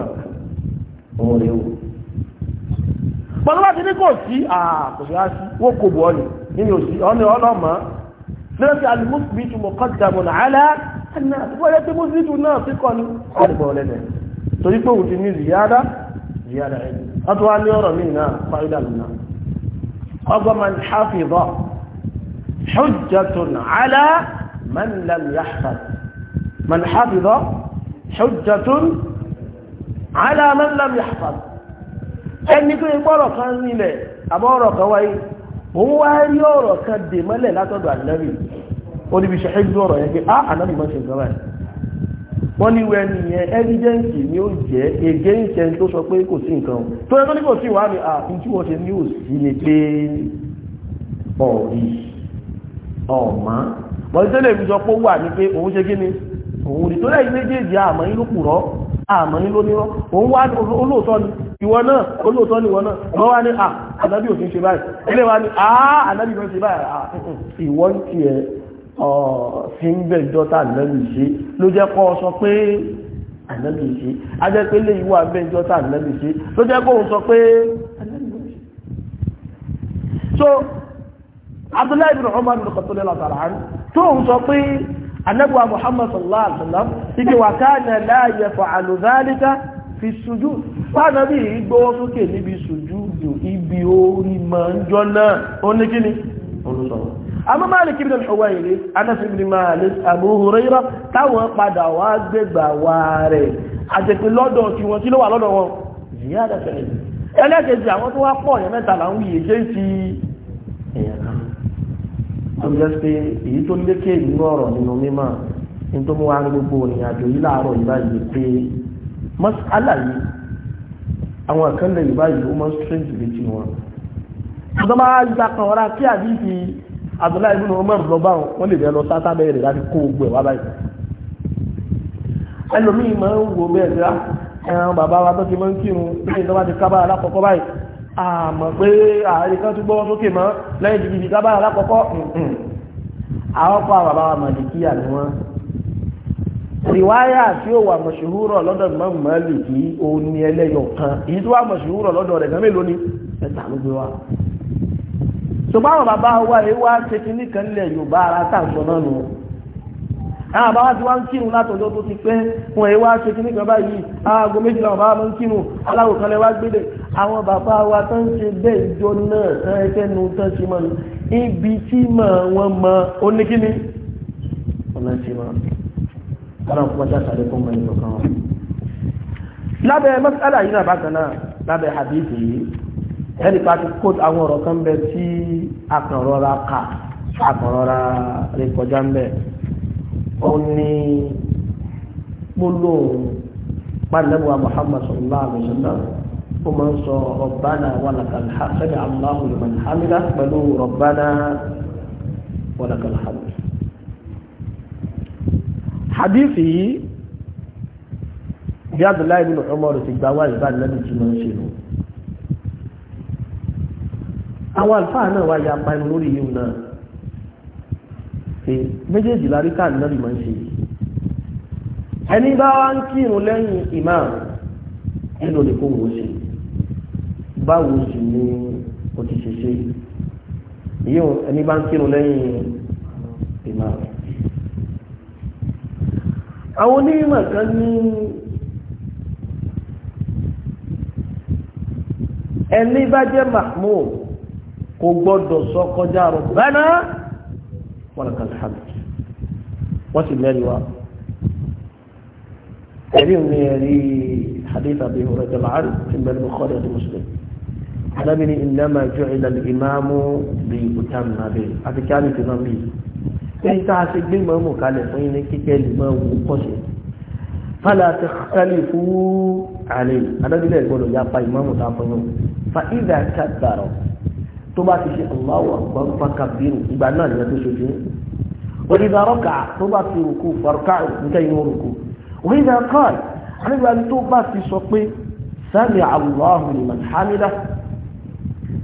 S2: òun rèé o pọ̀lú láti ní kò sí àti kò nínú òsì náà wọ́n yẹ pé mọ́sídù náà fi kọ́ ni ọ̀gbọ̀n lẹ́nẹ̀ torí pé òun ti ní ziyada ziyada ẹ̀ wọ́n tún wá ní ọ̀rọ̀ míì náà fáyidà lónà ọgbọ́n man hafiza hujjatun ala man ẹni tó yẹ gbọ́rọ̀ kan nílẹ̀ ó níbi ṣe ẹgbẹ́ ọ̀rọ̀ yẹn pé á ah, ànábì máa ṣe nǹkan báyìí wọ́n ní wẹ́n ní yẹn evidence ni ó jẹ́ against ẹni tó sọ pé kò sí nǹkan tó yẹ tó ní kò sí wàá ní àfin ah, tí wọ́n ṣe ní òsì ni pé ọ̀rí ọ̀mọ́ wọ́n tó lè fi sọ pé ó wà ní pé òun ṣe kí ni òun rí tó lẹ́yìn méjèèjì àmọ́ yín ló purọ́ àmọ́ yín ló nírọ́ òun wá olóòótọ́ ni ìwọ náà olóòótọ́ ni ìwọ náà wọ́n wá ní à ah, ànábì òfin ṣe báyìí ilé wa ní à ànábì òfin ṣe báyìí à ìwọ ń tiẹ̀ ọ̀sìnbẹ̀ jọta ànábì ṣe ló jẹ́ kọ́ sọ pé ànábì ṣe ajẹ́ pé lè ìwà bẹ́ jọta ànábì ṣe ló jẹ́ kọ́ sọ pé so Abdullahi ibn Umar ibn Khattab látara án tó ń sọ pé ànábì wa Muhammad sallallahu alaihi wasallam ike wa kana la yaf'alu dhalika fi sujud fáànà bí i gbọ́wọ́ sókè níbi àmọ́ Malik ibn al-Huwayrith Anas ibn Malik Abu Hurairah táwọn padà wá gbégbà wá rẹ̀ àtẹ̀pẹ́ lọ́dọ̀ tí wọ́n tí ló wà lọ́dọ̀ wọn ziyada fẹ́rẹ̀ ẹlẹ́kẹ̀ẹ́sì àwọn tó wá pọ̀ èèyàn mẹ́ta là ń wuyè ṣe ti èèyàn kan tó jẹ́ pé èyí tó lékè nínú ọ̀rọ̀ nínú mímọ́ ní tó mú wá gbogbo ìrìnàjò yìí láàárọ̀ yìí báyìí pé mọ́sálà yìí àwọn àkànlẹ̀ yìí báyìí ó mọ́ strange létí wọn. tó bá yá kan ọ̀rá kí àdìsí Abdullahi ibn Umar lọ bá wọn wọ́n lè bẹ́ẹ̀ lọ sátá bẹ́ẹ̀rẹ̀ láti kó gbogbo ẹ̀ wá báyìí ẹlòmíì máa ń wo bẹ́ẹ̀ sí ẹran bàbá wa tó ti máa ń kírun lẹ́yìn tó bá ti kábàrà lákọ̀ọ́kọ́ báyìí àmọ́ pé ààrẹ kan tún gbọ́wọ́ sókè mọ́ lẹ́yìn tí bíbí kábàrà lákọ̀ọ́kọ́ àwọn kọ́ bàbá wa Màlíkíyà ni wọ́n rìwáyà tí ó wà mọ̀ṣúhúrọ̀ lọ́dọ̀ Imam Málíkì òun ni ẹlẹ́yọ̀ kan èyí tó wà mọ̀ṣúhúrọ̀ lọ́dọ̀ rẹ̀ gan mélòó ni ẹ̀ta ló gbé wa ṣùgbọ́n àwọn bàbá wa yìí wá ṣe kí nìkan lẹ̀ yorùbá ara tàǹsọ̀ náà nù àwọn àbáwá tí wọ́n ń kírun látọ̀jọ́ tó ti pẹ́ wọn èyí wá ṣe kí nìkan báyìí aago méjìlá wọn bá wọn ń kírun aláwò lẹ́wà gbélé àwọn bàbá wa tó ń ṣe bẹ́ẹ̀ ìjọ náà tán ẹgbẹ́ nu tán ṣe mọ́ ibi tí mọ̀ wọn mọ oníkíní ọ̀nà ṣe mọ́ ọlọ́run kọ́ ṣáṣà fún mọ́ ìtọ̀kan lábẹ́ mọ́sálà yìí náà bákan náà lábẹ́ hadith yìí ẹnì kan ti kó àwọn ọ̀rọ̀ kan bẹ tí akànrọra kà akànrọra rẹ kọjá ń bẹ ó ní gbólóhùn pàdánù Muhammad sallallahu alaihi wasallam ó máa ń sọ rabbana walakal hamd sẹ́ni Allahu liman hamida pẹ̀lú rabbana walakal hamd. hadith yìí bí Abdullahi bin Umar ti gbà wáyé bá nàbì tí ń ṣe nù àwọn àlùfáà náà wáyé apá inú lórí yìí náà ṣe méjèèjì lárí káàdì náà lè máa ń ṣe ẹni bá wá ń kírun lẹ́yìn imam ẹnu lè kó wò ṣe báwo sì ni o ti ṣe ṣe yíò ẹni bá ń kírun lẹ́yìn imam àwọn onímọ̀ kan ní ẹni bá jẹ́ mahmoud kò gbọ́dọ̀ sọ kọjá rọ̀ bẹ́ẹ̀nà wọ́n kàlẹ̀ hàmì wọ́n sì mẹ́rin wa ẹ̀rí mi ẹ̀rí hadith Abi Hurairah ma'aru ti mẹ́rin Bukhari àti Muslim alábìíní innama ju'ila al-imamu bí ìbùtàn náà àti kí á lè fi máa bí ẹni tá a ṣe gbé mọ́mù kalẹ̀ fún yín ní kíkẹ́ lè máa wù kọ́sì fala takhtalifu alayhi alábìíní ẹ̀ gbọ́dọ̀ yá pa ìmọ̀mù tá a fọyín fa idha kabbara tó bá ti ṣe Allahu akbar fakabiru ìgbà náà ni ẹ tó ṣojú وإذا ركع تبا في ركوع فاركع متين ركوع وإذا قال أنا أن تبا في صوتي سمع الله لمن حمده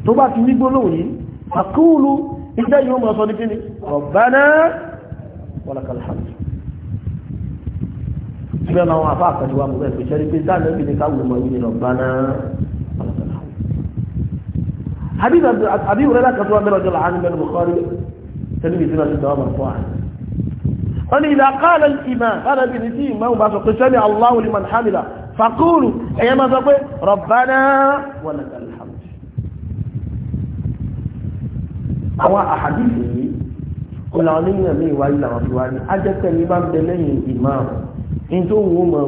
S2: تبا في يقولوني فقولوا إذا يوم صدقني ربنا ولك الحمد سبحان الله وعفاك جواب ذلك شريف الزانة بني قول ما ربنا حديث أبي هريرة كتب عن رجل عالم من البخاري تلمي سنة الدوام مرفوعا قال إذا قال الإمام قال بنتي ما هو بعد قسمي الله لمن حمله فقولوا أيما تقول ربنا ولك الحمد أو أحاديث قل علينا مي وإلا رضواني أجت الإمام بلين الإمام إن تو وما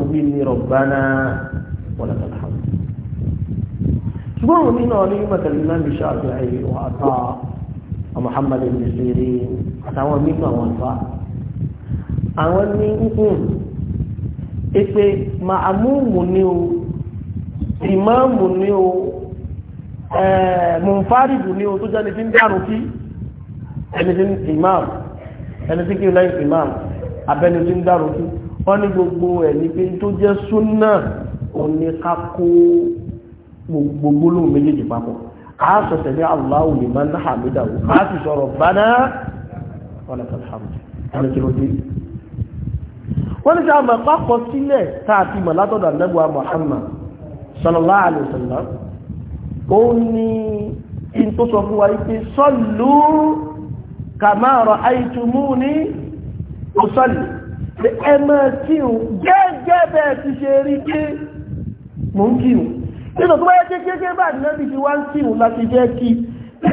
S2: ربنا ولك الحمد اسمعوا من عظيمة الإمام الشافعي وعطاء ومحمد بن سيرين àtàwọn mímọ̀ àwọn àfá àwọn ní nkún ipe ma'amumu ni o imamu ni o mùfáàrìdù ni o tó jẹ́ nífi ń dárò kí ẹni tí ń imam ẹni tí kí lẹ́yìn imam abẹ́ni tí ń dárò kí wọ́n ní gbogbo ẹ̀ ní pé tó jẹ́ súnà òní ká kó gbogbo lóhùn méjèèjì papọ̀ a sọ sẹ́mi Allahu liman hamidahu a sì sọ̀rọ̀ bánà wọn lè sọ̀rọ̀ hàmù ẹni kí ló dé. wọ́n ní sẹ́ àmọ́ pápọ̀ sílẹ̀ tá a ti mọ̀ látọ̀dọ̀ anábùwà Muhammad sallallahu alaihi wasallam ó ní in tó sọ fún wa pé sọ́lù kama ra'aytumuni usalli ẹ máa kírun gẹ́gẹ́ bẹ́ẹ̀ ti ṣe rí pé mò ń kírun nínú tó báyẹ kékeré bá nẹ́bí ti wá ń kí ìhùn láti jẹ́ kí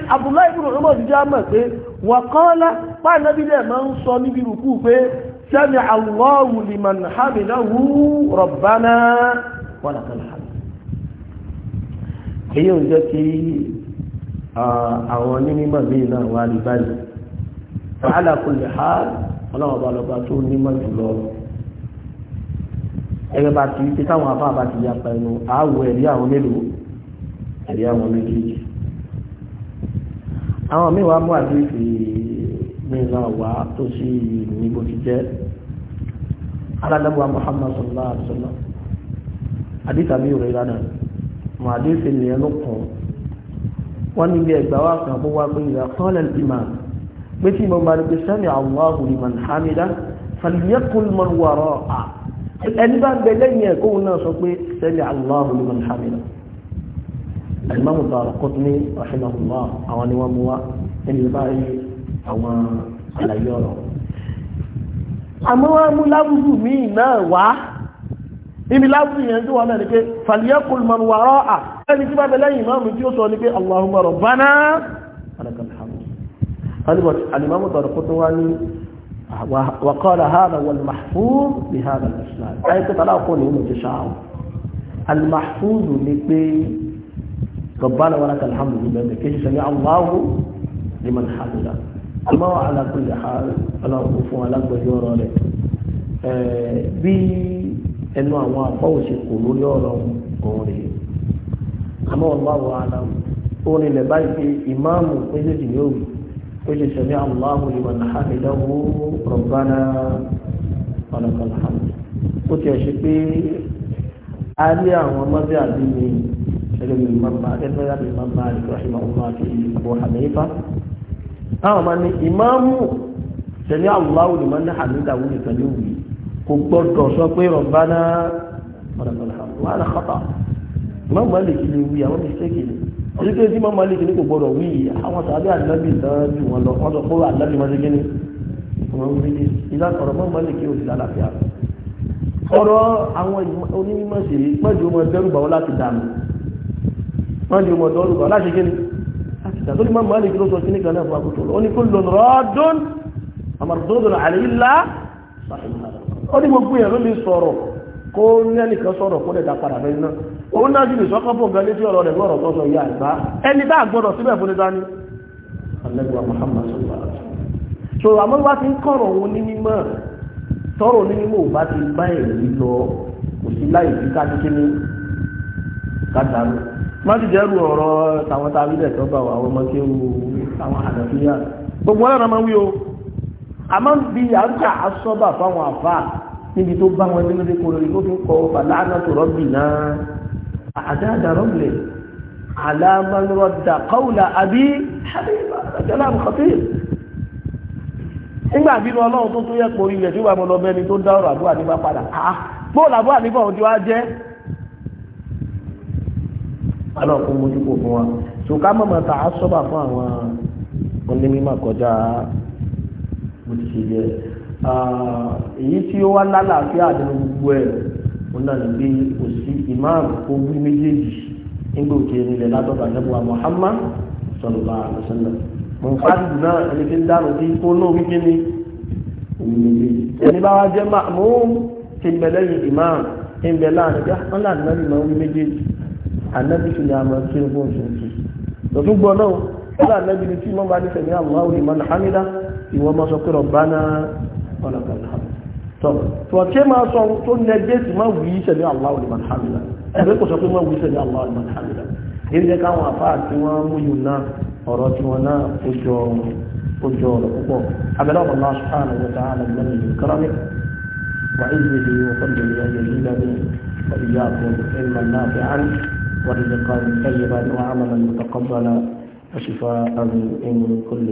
S2: Abdullahi ibn Umar ti já mọ̀ pé wà kọ́ọ́lá bá nẹ́bí dẹ̀ máa ń sọ níbi rùkú pé sami Allahu liman hamidahu rabbana wa lakal hamd èyí ò jẹ́ kí àwọn onímọ̀ míì náà wà ní báyìí wàhálà kulli hal ọlọ́wọ́ bá lọ́ba tó onímọ̀ jùlọ ẹgbẹ́ bá ti ṣe táwọn afá bá ti ya pa ẹnu àáwọ ẹ̀rí àwọn mélòó ẹ̀rí àwọn méjèèjì àwọn mẹ́wàá mú àdéhùn mẹ́wàá wá tó sí ní bó ti jẹ́ aládàbọ̀ Muhammad sallallahu alaihi wa sallam àdìsá mi ò rí lánàá mọ àdéhùn ni ẹnu kàn wọ́n ní bí ẹgbàá wà kan fún wa pé ìgbà kọ́lẹ̀ ìmàn pé tí mo bá ní pé sami Allahu liman hamida falyakul man wara'a ẹni bá ń bẹ lẹ́yìn ẹ̀ kóhun náà sọ pé sẹ́lẹ̀ aláhùn ní mọ̀lẹ́hàmìlá alimamu tààrà kọ́tù ní ọ̀ṣẹ́lẹ̀hùnmá àwọn ni wọ́n mú wá ẹni bá rí àwọn àlàyé ọ̀rọ̀ àmọ́ wọ́n mú lábùbù míì náà wá ibi lábùbù yẹn tó wà náà ni pé fàlíyàkùn وقال هذا والمحفوظ بهذا الإسلام أي تطلقوا لهم تشعروا المحفوظ لكي ربنا ولك الحمد لله كيش سمع الله لمن حمده أما على كل حال أنا أقف على كل لك bí ẹnu àwọn afọ́wọ́sí kò lórí ọ̀rọ̀ òun rèé àmọ́ ọ̀gbọ́n àwọn àlàó ó nílẹ̀ báyìí قل سمع الله لمن حمده ربنا ولك الحمد ó ti ẹ̀ṣẹ́ pé a rí àwọn ọmọdé àbí mi ṣẹlẹ̀ mi mọ́mọ́ akẹ́kọ̀ọ́ mi mọ́mọ́ ìgbàṣẹ́mọ́ ọmọ àti ìbò hàmẹ́fà àwọn ọmọ ní ìmáàmù sẹ̀mí àwùláwù ni wọ́n ní hàmídà wù nìkan ní wù kò gbọ́dọ̀ sọ pé rọ̀bánà ọ̀dọ̀gbọ̀dọ̀ wà á lọ́kọ̀tà ìmáàmù wọn lè kí ni wù àwọn mistake ni èyí tó ń tí mọ́ máa lè kí ní kò gbọ́dọ̀ wí àwọn sàbí ànábì náà jù wọn lọ wọn sọ pé ànábì máa ń gé ní wọn ń rí ilá ọ̀rọ̀ mọ́ máa lè kí òsì lálàáfíà ọ̀rọ̀ àwọn onímọ̀ sí pẹ́jù ọmọ dẹ́rùbà wọn láti dànù pẹ́jù ọmọ dẹ́rùbà láti gé ní àtìsàtò ní máa lè kí ló sọ sí ní kan fún àkótó lọ ó ní kó lọ àlè kó nẹ́nìkan sọ̀rọ̀ kó lè dá padà bẹ́ẹ̀ òun náà sì lè sọ́kọ́ bò gan létí ọ̀rọ̀ rẹ̀ gbọ́rọ̀ ìyá ẹni síbẹ̀ fún ni Muhammad sọ̀rọ̀ so àmọ́ wá ti ń kọ̀rọ̀ òun ní mímọ́ tọ́rọ̀ ní mímọ́ ò ti bá èyí lọ kò sí láì ká kíkí ní má ti jẹ́rù ọ̀rọ̀ tàwọn tàbí bá níbi tó bá wọn nínú kó lórí ó fi kọ bàláàdà tó rọ́bì náà àdáàdà rọ́bìlẹ̀ àlàmọ́lọ́dà kọ́ùlà àbí àjọláàmù kọ́tí nígbà bí wọn ọlọ́run tó tó yẹ kórí rẹ̀ tí wọ́n mọ̀ lọ́mọ ẹni tó dá ọ̀rọ̀ àbúrò àdìbá padà á ah, bóòlù àbúrò àdìbá òjò á jẹ́ alọ́kùn mojú kò fún wa tó mọ̀mọ́ ta á sọ́bà fún àwọn onímọ̀ kọjá bó ti ṣe yẹ èyí tí ó wá lálàáfíà àdánù gbogbo ẹ̀ òun náà nígbè kò sí ìmáàmù kó wí méjèèjì nígbà òkè nílẹ̀ látọ̀gbà nẹ́bùwà Muhammad sallallahu alaihi wasallam mọ̀nfàdì náà ẹni tí ń dànù sí kó náà wí kíni òun méjèèjì ẹni bá wá jẹ́ màmú ti ń bẹ lẹ́yìn ìmáàmù ti ń bẹ láàrin bí wọ́n là nínú ìmáàmù wí méjèèjì ànábì sì ni àmọ́ tí ó bọ̀ tuntun lọ́tún ọlọ́kà ìhàmù tọ́ tọ́kẹ́ máa sọ tó nẹgbẹ́ sí máa wù í sẹ́lẹ̀ aláwọ̀ ní manhamila ẹ̀rẹ́ kò sọ pé máa wù í sẹ́lẹ̀ aláwọ̀ ní manhamila èyí jẹ́ káwọn afáà tí wọ́n mú yìí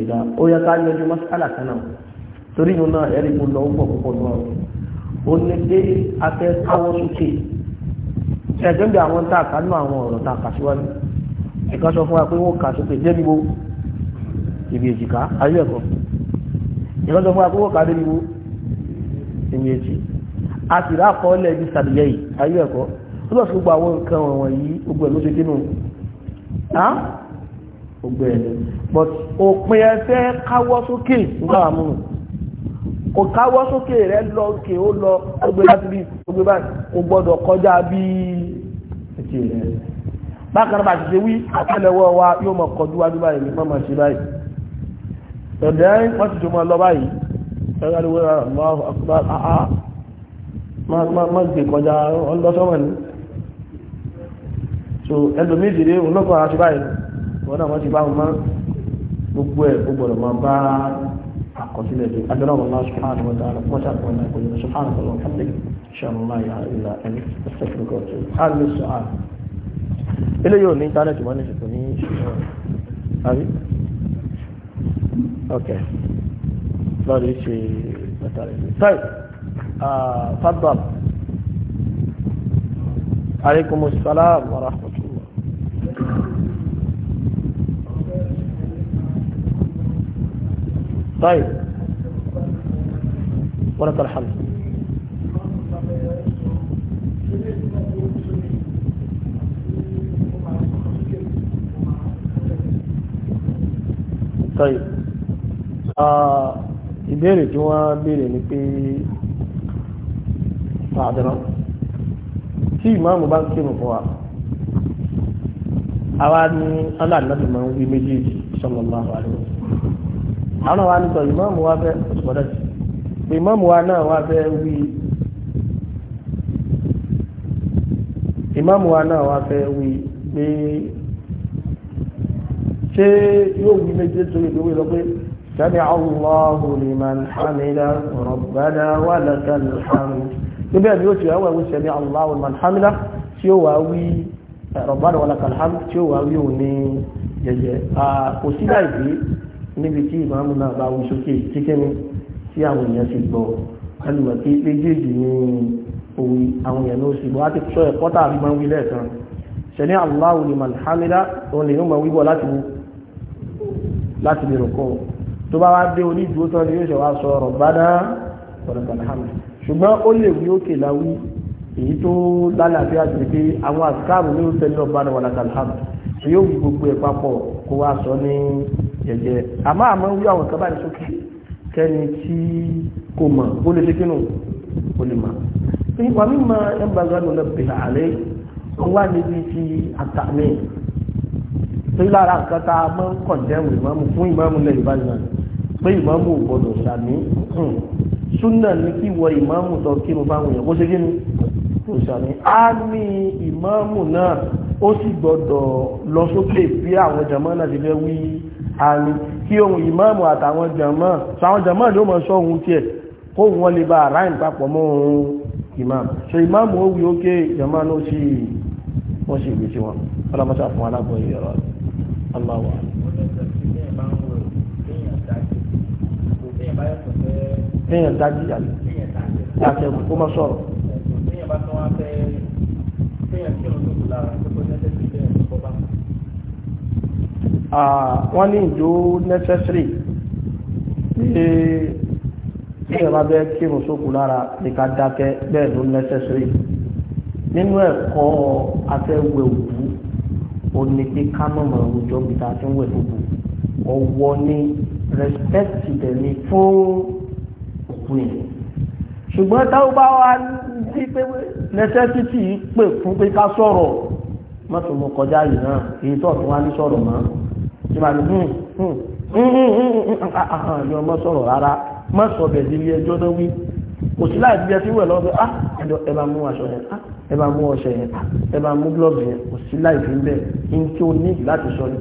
S2: náà ọ̀rọ̀ torí yóò náà ẹ̀rí mo lọ pọ̀ púpọ̀ náà ó ní pé afẹ́ káwọ́ sókè ṣẹ̀gbẹ́n bí àwọn tá a kà nínú àwọn ọ̀rọ̀ tá a kà síwájú ẹ̀ka sọ fún wa pé wọ́n kà sókè débi wo ibi èjìká ayé ẹ̀kọ́ ẹ̀ka sọ fún wa pé wọ́n kà débi wo ibi èjì a sì rà kọ́ lẹ̀ ibi sàbíyẹ yìí ayé ẹ̀kọ́ ó lọ sí gbogbo àwọn nǹkan wọ̀nyí yìí gbogbo ẹ̀ ló ṣe kínú gbogbo ẹ̀ but òpin ẹsẹ̀ káwọ́ sókè nígbà wà múnú kò káwọ́ sókè rẹ̀ lọ òkè ó lọ gbogbo láti bí gbogbo báyìí kò gbọ́dọ̀ kọjá bí ètè rẹ̀ bákan bá ti ṣe wí àtẹ́lẹwọ́ wa yóò mọ̀ kọjú wájú báyìí ní mọ́mọ́ ṣe báyìí ẹ̀dẹ́ wọ́n ti jọ mọ́ lọ báyìí ẹ̀rọ ìwé rà má gbé kọjá ọlọ́sọ́mọ̀ ni so ẹlòmíì dìde ọlọ́kọ̀ àti báyìí wọ́n náà wọ́n ti bá wọn mọ́ gbogbo ẹ̀ gbogbo ọ̀rọ̀ máa bá حق الله سبحانه وتعالى وتعرف وما يقول سبحانه الله وحمدك إن شاء الله إلا أن أستكرك وتعالى حال السؤال إلى يوم تعالى جمعنا شكوني هذه أوكي بدي شيء بتعالى طيب آه، تفضل عليكم السلام ورحمة الله طيب ولك الحمد طيب ìbéèrè tí wọ́n béèrè ni pé pàdánù tí ìmáàmù bá ń kírun fún wa àwa ní aláàdínláàdì máa ń wí méjèèjì sallallahu alaihi wasallam àwọn wa nìkan ìmáàmù wa fẹ́ ọ̀sọ̀rọ̀ sí ìmáàmù wa náà wa fẹ́ wí ìmáàmù wa náà wa fẹ́ wí pé ṣé yóò wí méjì tó yẹ lówó lọ pé sami allahu liman hamida rabbana wa lakal hamd níbẹ̀ ni ó ti wá wí sami allahu liman hamida tí ó wá wí rabbana wa lakal hamd tí ó wá wí òní jẹjẹ kò sí láì níbi tí ìmáàmù náà bá wí sókè tíkẹ́ni tí àwọn èèyàn ti gbọ́ ẹlùmọ̀ tí méjèèjì ní òwe àwọn èèyàn ló sì gbọ́ láti sọ ẹ̀kọ́ tá a fi máa ń wí lẹ́ẹ̀kan ṣẹ̀ní Allahu liman hamida òun lè ní ọmọ wíwọ̀ láti wú láti lè rọ̀kọ́ tó bá wá dé onídùú tán ni yóò ṣe wá sọ rabbana wa lakal hamd ṣùgbọ́n ó lè wí òkè láwí èyí tó lálàáfíà jù pé àwọn àsìkáàrù ní ó tẹ́lẹ̀ rabbana wa lakal hamd ṣe yóò wí gbogbo ẹ̀ papọ̀ kó wá sọ ní jẹjẹ àmọ́ àmọ́ wí àwọn kan báyìí sókè kẹ́ni tí kò mọ̀ ó lè ṣe kínú ó lè mọ̀ wà mí mọ ẹgbàgbà lọ́nà bẹ̀rẹ̀ àlẹ́ wọ́n wá níbi ti àtàmì pé lára nǹkan tá a mọ́ ń kọ̀ jẹ́wò ìmọ̀mù fún ìmọ̀mù lẹ́yìn báyìí náà pé ìmọ̀mù ò gbọ́dọ̀ sàmì hmm. súnà ní kí wọ ìmọ̀mù tó kírun fáwọn èèyàn kó ṣe kínú kó sàmì á ní ìmọ̀mù náà ó sì gbọ́dọ̀ lọ sókè bí àwọn jàmọ́ náà ti fẹ́ wí àmì kí ohun ìmáàmù àtàwọn jàmáà sáwọn jàmáà ló mọ̀ sọ ohun tiẹ̀ kó wọn lè bá àráyìn papọ̀ mọ́ ohun ìmáàmù ṣe ìmáàmù ó wí ókè jàmáà ló sì wọ́n sì wí sí wọn ọlọ́mọṣà fún aláàbọ̀ ìyọ̀rọ̀ aláwọ̀ téèyàn dájú yàtọ̀ kó má sọ̀rọ̀ wọ́n ní ìjó necessary pé tí ìjọba bẹ́ kírun sókù lára ní ká dákẹ́ bẹ́ẹ̀ ló necessary nínú ẹ̀kọ́ afẹ́wẹ̀ òkú ó ní pé ká mọ̀mọ́ òjò gbìtà tí ń wẹ̀ fòkù ọwọ́ ní respect dẹ̀ ní fún òkú yẹn ṣùgbọ́n táwọn bá wá sí pé necessity pè fún pé ká sọ̀rọ̀ mọ́tò mo kọjá yìí náà èyí tó ọ̀tún wá ní sọ̀rọ̀ mọ́ tí màá hmm, hmm, hmm, ah, ah, ah, ni ọmọ sọ̀rọ̀ rárá má sọ bẹ̀ sí ilé ẹjọ́ náà wí kò sí láì bíi ẹtí wẹ̀ lọ́wọ́ ah ẹ bá mú aṣọ yẹn ah ẹ bá mú ọṣẹ yẹn ah ẹ bá mú gílọ́ọ̀bù yẹn kò sí láì fi ń bẹ̀ ní tí ó ní láti sọ ni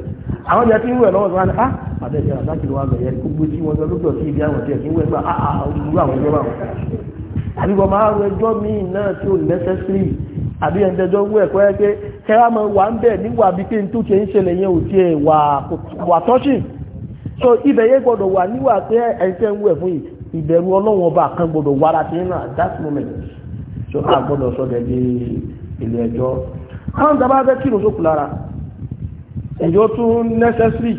S2: àwọn ìyá tí ń wẹ̀ lọ́wọ́ sọ wá ní ah àbẹ̀ ìyá àbá kìlọ̀ àgbẹ̀ yẹn gbogbo tí wọ́n yọ lójọ́ sí ibi àwọn tiẹ̀ tí ń wẹ̀ gbà ah ah olùdúró àwọn ẹgbẹ́ báwọn àbíkọ máa rọ ẹjọ́ míì náà tí ó necessary àbí ẹ̀ńdẹ́jọ́ wú ẹ̀kọ́ ẹ pé kẹ́rámọ̀ wà ń bẹ̀ níwà bí pé tó ṣe ń so ibẹ̀ yẹn gbọ́dọ̀ wà níwà pé ẹ̀ńtẹ́ ń wú ẹ̀ fún yìí ìbẹ̀rù ọlọ́wọ́n ọba that moment so a gbọ́dọ̀ sọ̀dẹ̀ ní ilé ẹjọ́ káwọn dábàá fẹ́ kírun sókù lára ìjọ tún necessary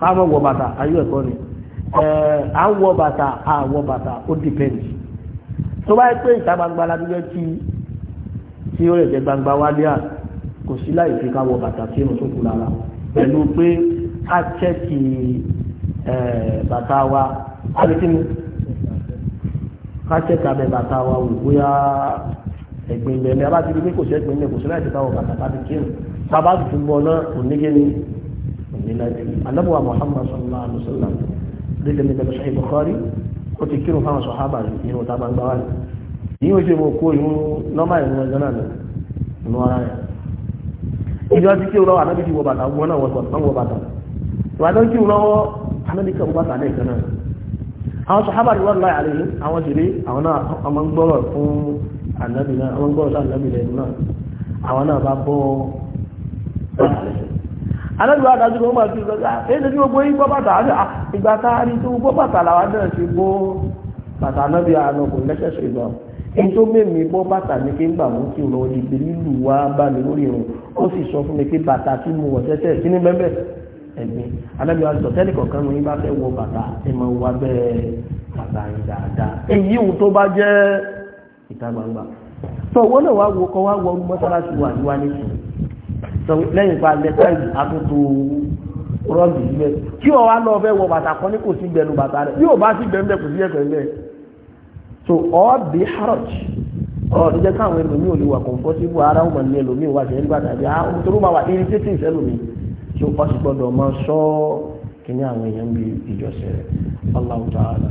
S2: káwọn wọ bàtà ayé ẹ̀kọ́ ni à ń wọ bàtà à wọ bàtà ó depend tó bá pé la tí ó rẹ̀ jẹ́ gbangba wálé à kò sí láì fi ká wọ bàtà tí irun tó kù lára pẹ̀lú pé a chẹ́kì bàtà wa á lè ni ká chẹ́kì abẹ bàtà wa wò bóyá ẹ̀gbìn ilẹ̀ ní abájú pé kò sí ẹ̀gbìn ilẹ̀ kò sí láì fi ká bàtà tàbí kí irun bàbá tuntun bọ̀ náà onígé ni onílàjì alábùwà Muhammad sallallahu alaihi wa sallam lílẹ̀ nígbà tó sọ ìbùkọ́rí ó ti kírun fáwọn sọ̀hábà yìí irun tá a máa ń yìí ó ṣe mo kó ìrún nọ́mbà ìrún ẹgbẹ́ náà nù ara rẹ̀ ìjọ ti kí o lọ́wọ́ anábìkí wọ bàtà wọn náà wọ bàtà wà ló kí o lọ́wọ́ anábìkí wọ bàtà náà ìkan náà àwọn sàhábà ni wọ́n láì àlejò àwọn sì rí àwọn náà ọmọ ń gbọ́rọ̀ fún ànábì náà ọmọ ń gbọ́rọ̀ sí ànábì lẹ́nu náà àwọn náà bá bọ́ anábìwá adájú ló máa fi lọ́gbà ẹ̀ẹ́dẹ̀ tí gbogbo yín gbọ́ bàtà ah, ìgbà tá a rí tó gbọ́ bàtà làwọn náà ti gbọ́ bàtà anábì àánú kò lẹ́sẹ̀ sí ìgbà wọn ètò mẹ́mi bọ́ bàtà mi pé ńgbà mú kí n lọ di pé lílù wá bá mi lórí irun ó sì sọ fún mi pé bàtà tí mo wọ̀ tẹ́tẹ́ kí ní bẹ́ẹ̀ ẹ̀gbin alábi àtọ̀ tẹ́lẹ̀ kọ̀ọ̀kan ní bá fẹ́ wọ bàtà ẹ máa wá bẹ́ẹ̀ bàtà yìí dáadáa èyí òun tó bá jẹ́ ìta gbangba tó owó náà wá wo kọ́ wá wọ mọ́sálásí wà ní wá sùn tó lẹ́yìn pa lẹ́tàìlì àtúntò rọ́ọ̀bì síbẹ̀ kí ọ wá lọ fẹ́ wọ bàtà kan ní kò sí gbẹnu bàtà rẹ̀ bí ò bá sí gbẹnu bẹ́ẹ̀ kò sí ẹ̀fẹ̀ bẹ́ẹ̀ so all be haraj ọ ló jẹ káwọn ẹlòmíì ò lè wà comfortable ara wọn ní ẹlòmíì wà jẹ nígbà tàbí àwọn tó bá wà irritating ẹlòmíì so ọ sì gbọ́dọ̀ máa sọ kíní àwọn èèyàn bí ìjọsẹ Allahu ta'ala.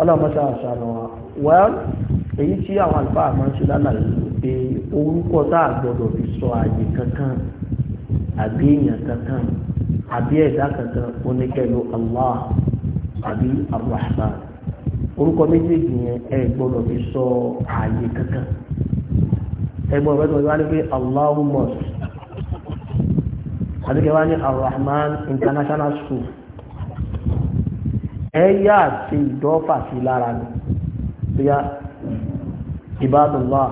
S2: ọlọ́mọṣẹ́ àṣàrò wa well èyí tí àwọn àlùfáà máa ń ṣe lálàyé pé orúkọ tá a gbọ́dọ̀ fi sọ àyè àbí ẹ̀dá kankan oníkẹ́lu allah àbí arrahman orúkọ méjèèjì yẹn ẹ gbọ́dọ̀ fi sọ ààyè kankan ẹgbọ́n ọ̀rẹ́ tó wá ní pé allahumma àdúgbò wa ní arrahman international school ẹ yá àti ìdọ́fà sí lára ni bóyá ibadullah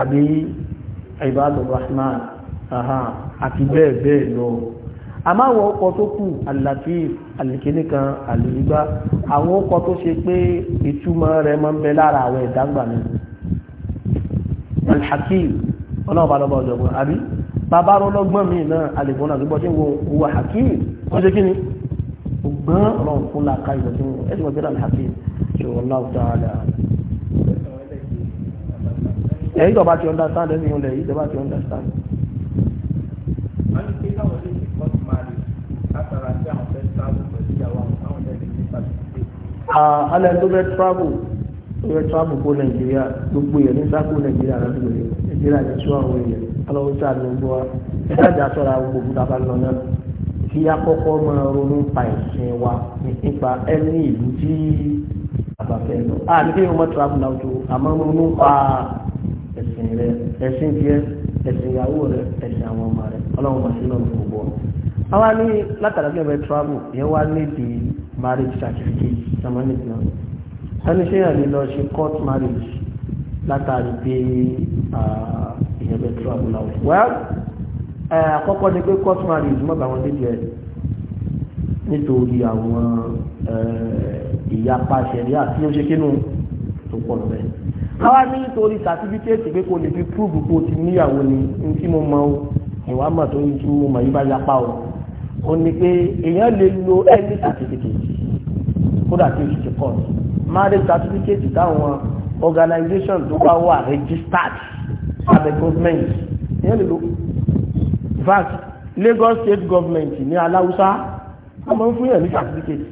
S2: àbí ibadurrahman àti bẹ́ẹ̀ bẹ́ẹ̀ lọ àmọ́ àwọn ọkọ̀ tó kù al-Latif alìkíní kan àlèrígbá àwọn ọkọ̀ tó ṣe pé ìtumọ̀ rẹ̀ máa ń bẹ lára àwọn ìdágbà mi al-Hakim ọlọ́ọ̀bá lọ́bọ̀ ọ̀jọ̀gbọ́n àbí bàbá rọlọ́gbọ́n mi náà àlèbọ́n àgbébọ́ tí wọ́n wọ Hakim wọ́n ṣe kí ni ọgbọ́n ọlọ́run fún làkà ìgbà tí wọ́n ẹ̀sìn ọ̀gbẹ́rẹ́ al-Hakim ṣe wọ́n láwùjọ àlẹ́ ẹ̀yìn tó bá ti understand ẹ̀sìn ìhùn lẹ̀ yìí tó bá ti understand
S1: látara tí travel pẹ̀lú
S2: alẹ́ tó fẹ́ travel tó fẹ́ travel kó nàìjíríà gbogbo èèyàn ní sáko nàìjíríà lọ́dún rẹ̀ nàìjíríà ní sún àwọn èèyàn alọ́wọ́ sáà ló ń bọ́ wa ẹ̀ka ìjà sọ̀rọ̀ àwọn gbogbo tá a bá lọ náà kí a máa ronú pa ìsìn wa nípa ẹni ìlú tí àbàfẹ́ lọ. a ní kí ni wọ́n travel náà tó àmọ́ ronú pa ẹ̀sìn rẹ̀ ẹ̀sìn tiẹ̀ ẹ̀sìn ìyàwó rẹ̀ ẹ̀sìn àwọn ọmọ rẹ̀ ọlọ́run máa ṣe lọ́nà gbogbo àwa ní látara bí ẹ̀bẹ̀ travel yẹn wá níbi marriage certificate ṣàmọ́ níbi náà ẹni ṣé yàn ní lọ ṣe court marriage látàrí pé ìyẹ̀bẹ̀ travel náà well àkọ́kọ́ ni pé court marriage mọ́ bá wọn débi ẹ̀ nítorí àwọn ìyapa ṣẹ̀ríà tí ó ṣe kínú tó pọ̀ lọ́wọ́ ẹ̀ káwá ní nítorí sàtífíkẹ́ẹ̀tì pé kò lè fi púrúfù kó ti níyàwó ni ní tí mo mọ ìwà mọ̀ tó ń tú mọ̀ yí bá yapa o ó ní pé èèyàn lè lo any certificate kódà tí oṣù ti pọ̀ marriage certificate táwọn organisation tó bá wà registered abẹ government èèyàn lè lo vat Lagos state government ní aláwùsá wọ́n máa ń fún yàn ní certificate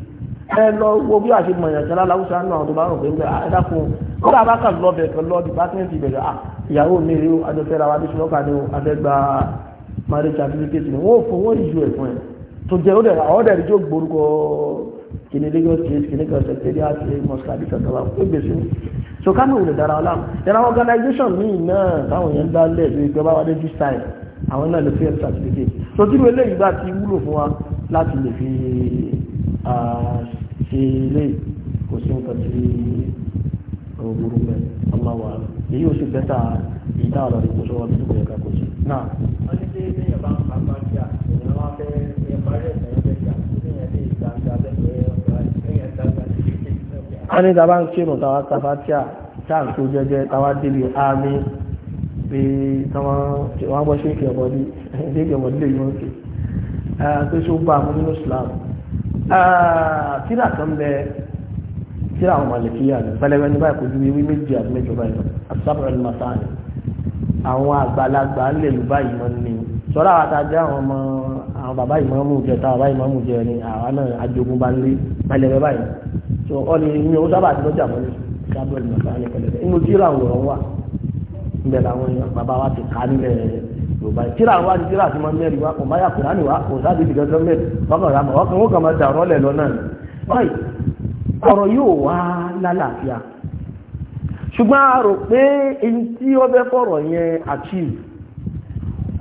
S2: ẹ lọ wo bí a ṣe mọ̀ yàn sẹ́lá aláwùsá náà tó bá rò pé ń ah, bẹ̀ ẹ dákun ó dàbá kà lọ bẹ̀ kan lọ department ìbẹ̀rẹ̀ à ah, ìyàwó mi rí o adọ́fẹ́ra wa adéṣọ́kà ni o adẹ́gba marriage certificate ni wọ́n fún wọ́n ìjù ẹ̀ fún ẹ̀ tó jẹ́ ó dẹ̀rẹ̀ àwọn dẹ̀rẹ̀ tí ó gborúkọ kìnnì Lagos state kìnnì kan sẹ̀tẹ̀rì àti mosque àbí ó gbèsè so ká mọ̀ wùlẹ̀ dára ọlá ẹ̀rọ organization míì náà táwọn yẹn ń dá lẹ̀ lórí pé báwa dé this time àwọn náà lè fi ẹ̀ certificate so tí wọ́n eléyìí bá ti wúlò fún wa láti lè fi ṣe ilé kò sí nǹkan tí ó burú mẹ́ ọlọ́wà èyí ò sì bẹ́tà ìdá ọ̀rọ̀ ìkóso ọdún tó yẹ ká kó sí náà. wọ́n
S1: ti dé ní ìyàbá
S2: wọ́n ní tàbá ń kírun tàwa tàbá tí a táàkó jẹ́jẹ́ tàwa débi àmì pé wọ́n gbọ́ ṣéèkì ọmọdé ṣéèkì ọmọdé lè yọ̀ọ́ sí pé ṣó bá àwọn nínú Islam tíra kan bẹ tíra àwọn malikiya ni pẹlẹbẹ ní báyìí kò ju ewé méjì àti mẹ́jọ báyìí lọ asábẹrẹ ní màtá ni àwọn àgbàlagbà ń lè lù báyìí wọn ni sọlá àtàjẹ àwọn ọmọ àwọn bàbá ìmọ̀ọ́mù jẹ ta bàbá ìmọ̀ọ́mù jẹ ni àwa náà bá lé pẹlẹbẹ báyìí tó ọni ní o sábà ti lọ́jà mọ́lẹ̀ sábẹ́ẹ̀lì màkà ní pẹlẹbẹ inú tíra àwòrán wà níbẹ̀ làwọn bàbá wa ti kà nílẹ̀ yorùbá yìí tíra wa ni tíra ti máa mẹ́rin wa kò má yà kúránì wa kò sábẹ́ ibi gẹ́gẹ́ mẹ́rin wọ́n kàn wọ́n kàn máa dà rọ́lẹ̀ lọ náà ọ̀rọ̀ yóò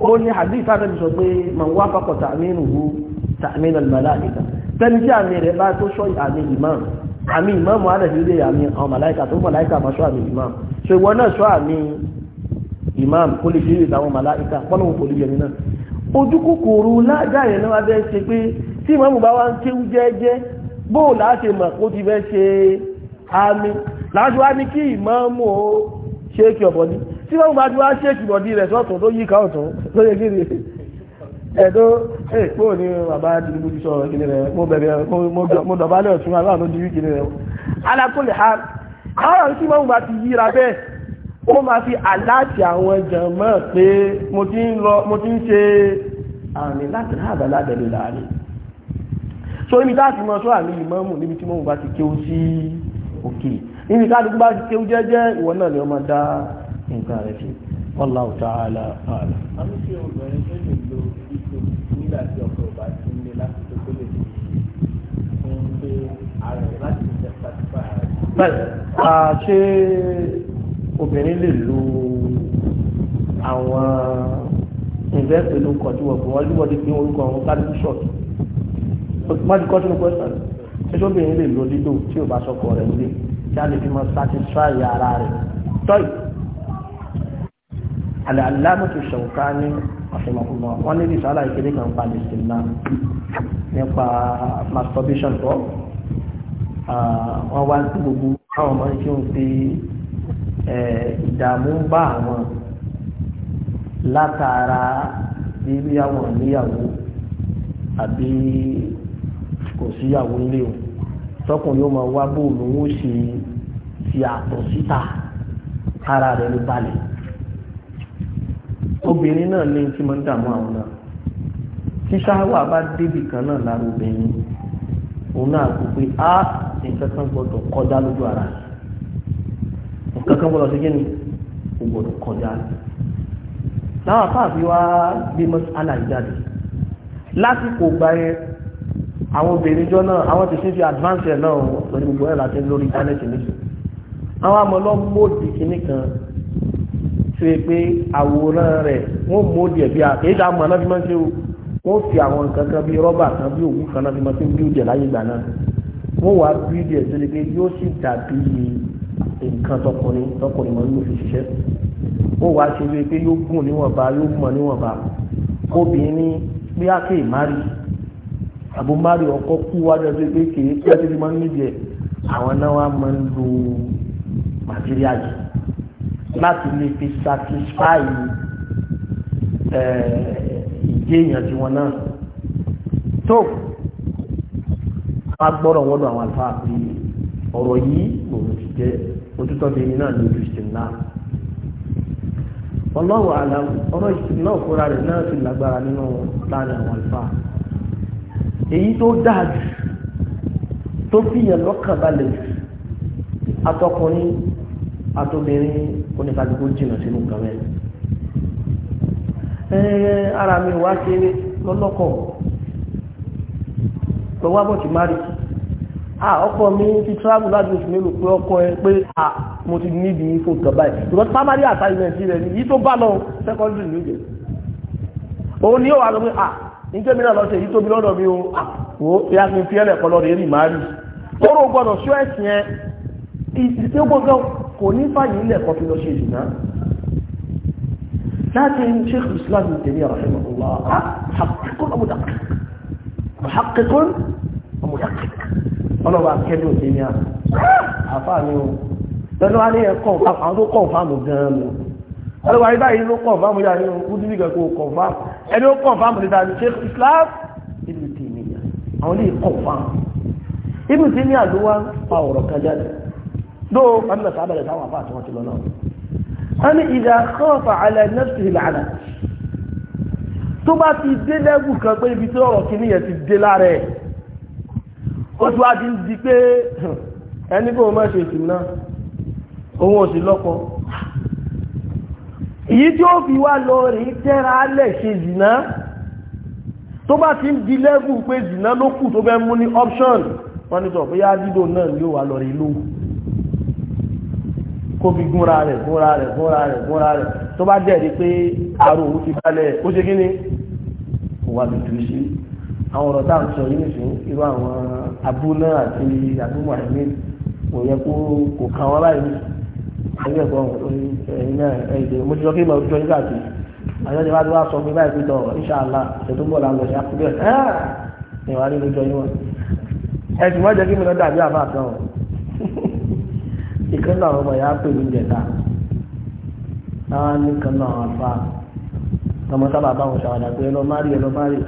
S2: ó ní hadith àti sọ pé man wafaqa ta'minuhu ta'min al-malaika tẹ́ni tí àmì rẹ̀ bá tó sọ àmì imam àmì imam wà lẹ́sìn ilé àmì àwọn màláìka tó imam ṣe náà sọ àmì imam kó lè ṣeré ìdáwọn màláìka pọ́nà kò lè yẹni náà ojú kòkòrò tí wọ́n bá ti wá ṣèkì bọ̀dí rẹ̀ sọ́tún tó yí ká ọ̀tún tó yẹ kiri ẹ̀dọ́ èèpó ni bàbá Tinubu ti sọ̀rọ̀ kiri rẹ̀ mo bẹ̀rẹ̀ mo dọ̀bálẹ̀ ọ̀tún aláàánú di wí kiri rẹ̀ alákòlè ha ọ̀rọ̀ tí wọ́n bá ti yíra bẹ́ẹ̀ ó máa fi aláàtì àwọn ẹ̀jẹ̀ mọ́ pé mo ti ń mo ti ń ṣe àmì láti ráàbà ládẹ̀lẹ̀ láàrin so ibi táàtì mọ́ sọ àmì ìmọ̀mù níbi tí wọ́n bá ti kéwú sí òkè níbi táàtì bá ti kéwú jẹ́jẹ́ ìwọ náà ni ọmọ dáa nǹkan rẹ̀ ṣe wallahu ta'ala ààlà.
S1: àmì ṣe obìnrin tó lè lo ipò nígbà tí ọkọ ọba ti ń lé láti tó tó lè fi fún pé ààrẹ láti ṣe pàtífà ààrẹ. bẹ́ẹ̀
S2: a ṣe obìnrin lè lo àwọn ìrẹsì ló kọ̀ tí wọ́n fi wọ́n pé orúkọ àwọn kálífù ṣọ́ọ̀tù má ti kọ́ sínú question ẹjọ́ obìnrin lè lo dídò tí ò bá sọkọ rẹ̀ nílé kí a lè fi mọ satisfy ara rẹ̀ tọ́yì aláàlámùtù Ṣawkani ọ̀sẹ̀mọ̀kúnmọ̀ wọ́n ní ìsàlá ìkéde kan pa lẹ́sìnà nípa masturbation tọ́ wọ́n wá sí gbogbo àwọn ọmọ tí ó ń fi ìdààmú bá àwọn látara bíbí àwọn níyàwó àbí kò síyàwó nílé o tọkùnrin ó máa wá bóòlù ó ṣe ti àtọ̀ síta ara rẹ̀ ló balẹ̀ obìnrin náà ní tí mo ń dààmú àwọn náà tí ṣáwà bá débì kan náà lára obìnrin òun náà kò pé á nǹkan kan gbọdọ̀ kọjá lójú ara nǹkan kan gbọdọ̀ ṣe kí ni kò gbọdọ̀ kọjá láwọn afáàfin wa gbé mọ́sí aláìjáde lásìkò gba yẹn àwọn obìnrin jọ náà àwọn ti ṣe fi advance ẹ̀ náà lórí gbogbo ẹ̀ láti lórí internet méjì àwọn amọ̀lọ́gbòdì kìnnìkan ṣe pé àwòrán rẹ̀ wọ́n mú òdì ẹ̀bí àkéjà mọ̀ náà fi máa ń ṣe wọ́n fi àwọn nǹkan kan bíi rọ́bà kan bíi òwú kan náà fi máa ń ṣe bíúdì láyé ìgbà náà wọ́n wá bíúdì ẹ̀ sílẹ̀ pé yóò sì dàbí nǹkan tọkùnrin tọkùnrin mọ́ yóò fi ṣiṣẹ́ wọ́n wá ṣe wí pé yóò gùn níwọ̀nba yóò mọ̀ níwọ̀nba obìnrin ní pé àkè ìmárì àbò márì ọkọ kú wá máa láti lè fi satisfy ìdí èèyàn tí wọn náà tó a gbọ́dọ̀ wọ́dọ̀ àwọn àlùfáà pé ọ̀rọ̀ yìí lòun ti jẹ́ òtítọ́ bíi náà ní ojú ìsìn náà ọlọ́wọ́ àlà ọ̀rọ̀ ìsìn náà fúnra rẹ̀ náà sì lágbára nínú láàrin àwọn àlùfáà èyí tó dáa jù tó fìyàn lọ́kàn balẹ̀ jù atóbìnrin oníkàdúgbò jìnà sínú nǹkan rẹ̀ ẹ̀ẹ́ ara mi wá ṣe lọ́lọ́kọ̀ pẹ̀lú mari ah ọkọ mi ti travel láti oṣù mélòó pé ọkọ ẹ pé ah mo ti níbi fún nǹkan báyìí because primary assignment rẹ̀ ni yìí tó bá lọ secondary ló dé òun ni o wà lọ pé ah níjẹ́ mi náà lọ ṣe èyí mi o wò ó ya fi fi ẹlẹ́kọ́ lọ́dọ̀ èrì mari kò ní fàyí lẹ́kọ́ fi lọ ṣe ìdìná láti sheikh islam tèmi rahimahullah muhakkikun amudakik muhakkikun amudakik ọlọ́wà kẹ́dùn tèmi àfáàní o pẹ̀lú alẹ́ ẹ̀kọ́ àwọn tó kọ̀ fáàmù gan-an mu ọlọ́wà ibà yìí ló kọ̀ fáàmù yà nínú kú dídí kẹ́kọ̀ọ́ kọ̀ fáàmù ẹni ó kọ̀ fáàmù níta ni sheikh islam ìlú tèmi àwọn ilé kọ̀ fáàmù ìlú tèmi àdúrà pa ọ̀rọ̀ kan دو ọ̀nà sábẹ̀rẹ̀ sáwọn àfáà tí wọ́n ti lọ náà wọ́n ní ìdá kọ́ọ̀fà alẹ́ nẹ́fì ìlànà tó bá ti dé lẹ́gùn kan pé ibi tí ọ̀rọ̀ kìíní yẹn ti dé lára ẹ̀ ó ti wá ti ń di pé ẹni kò má ṣe ìsìn náà òun ò sì lọ́kọ èyí tí ó fi wá lọ rí tẹ́ra lẹ̀ ṣe zìnà tó bá ti ń di lẹ́gùn pé zìnà ló kù tó fẹ́ mú ní option wọ́n ní sọ pé yá dídò náà ni ó wà lọ rí lóhùn kó fi gúnra rẹ̀ gúnra rẹ̀ gúnra rẹ̀ gúnra rẹ̀ tó bá dẹ̀ rí pé àrò òun ti balẹ̀ ó ṣe kíni kò wá bìtú sí àwọn ọ̀rọ̀ tá à ń sọ yìí nìṣó irú àwọn abúlé àti abúmọ̀ ẹ̀mí kò yẹ kó kò kàn wọ́n báyìí ẹgbẹ́ ẹ̀kọ́ ẹ̀yìn náà ẹ̀yìn mo ti sọ kí mo jọ nígbà tí àjọ ìjọba tó wá sọ mi báyìí pẹ̀tọ̀ ìṣàlá ètò ń bọ̀ làwọn ọ̀ṣẹ́ àkúbẹ̀ ẹ̀ ẹ̀ wà nínú jọ yín ìkan náà ọmọ ìyá pè mí jẹta náà ní kan náà àfa ọmọ sábà bá wọn ṣàwádà pé ẹlọ márì ẹlọ márì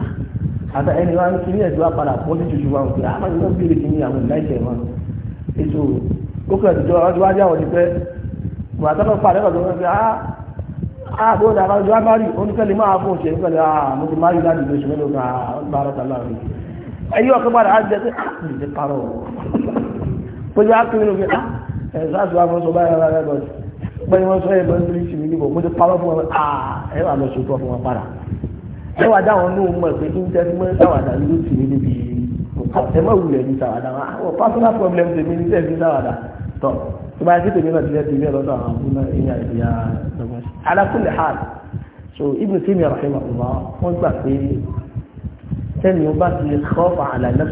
S2: àtà ẹni wá ń kí ní ẹ̀sùn apàdà pọ̀ sí tuntun wa pé àwọn ìwọ́n bèèrè kí ní àwọn ìláìsẹ̀ wọn ètò ó kẹ́ ẹ̀sùn tó wá jáwọ́ ní pẹ́ wọn àtàkọ́ pàdé ọ̀dọ́ wọn pé á àbó ọ̀dà àbájọ amárì oníkẹ́lẹ̀ máa fún òṣèlú pẹ̀lú àwọn ti márì láti ìgbésù mẹ́lẹ̀ ọ̀gá bàrọ̀ tàlá rẹ̀ ẹ̀yọ́ ọ̀kẹ́ padà á jẹ́ pé ẹ̀sáàtì wa fọ́n sọ báyìí rárá rẹ̀ bọ́ọ̀dì pẹ́yìn wọ́n sọ ẹ̀bọ́n ní ti mi níbọ̀ mo ti parọ́ fún wọn ẹ wà lọ sòtọ́ fún wọn padà ẹ wà dáwọn ní òun mọ̀ pé kí n tẹ́tí mọ́ sáwàdà ló ti mi níbi ẹ mọ̀ wulẹ̀ ní sáwàdà wọn personal problem tèmi ní tẹ̀sí sáwàdà tọ́ tó bá yẹ kí tèmi náà ti lẹ́ tèmi lọ́dọ̀ àwọn fúnà ìyá ìyá lọ́gbọ́n ala kulli hal so Ibn Taymiyyah rahimahullah wọ́n gbà pé tẹ́ni ó bá ti kọ́ fà àlàyé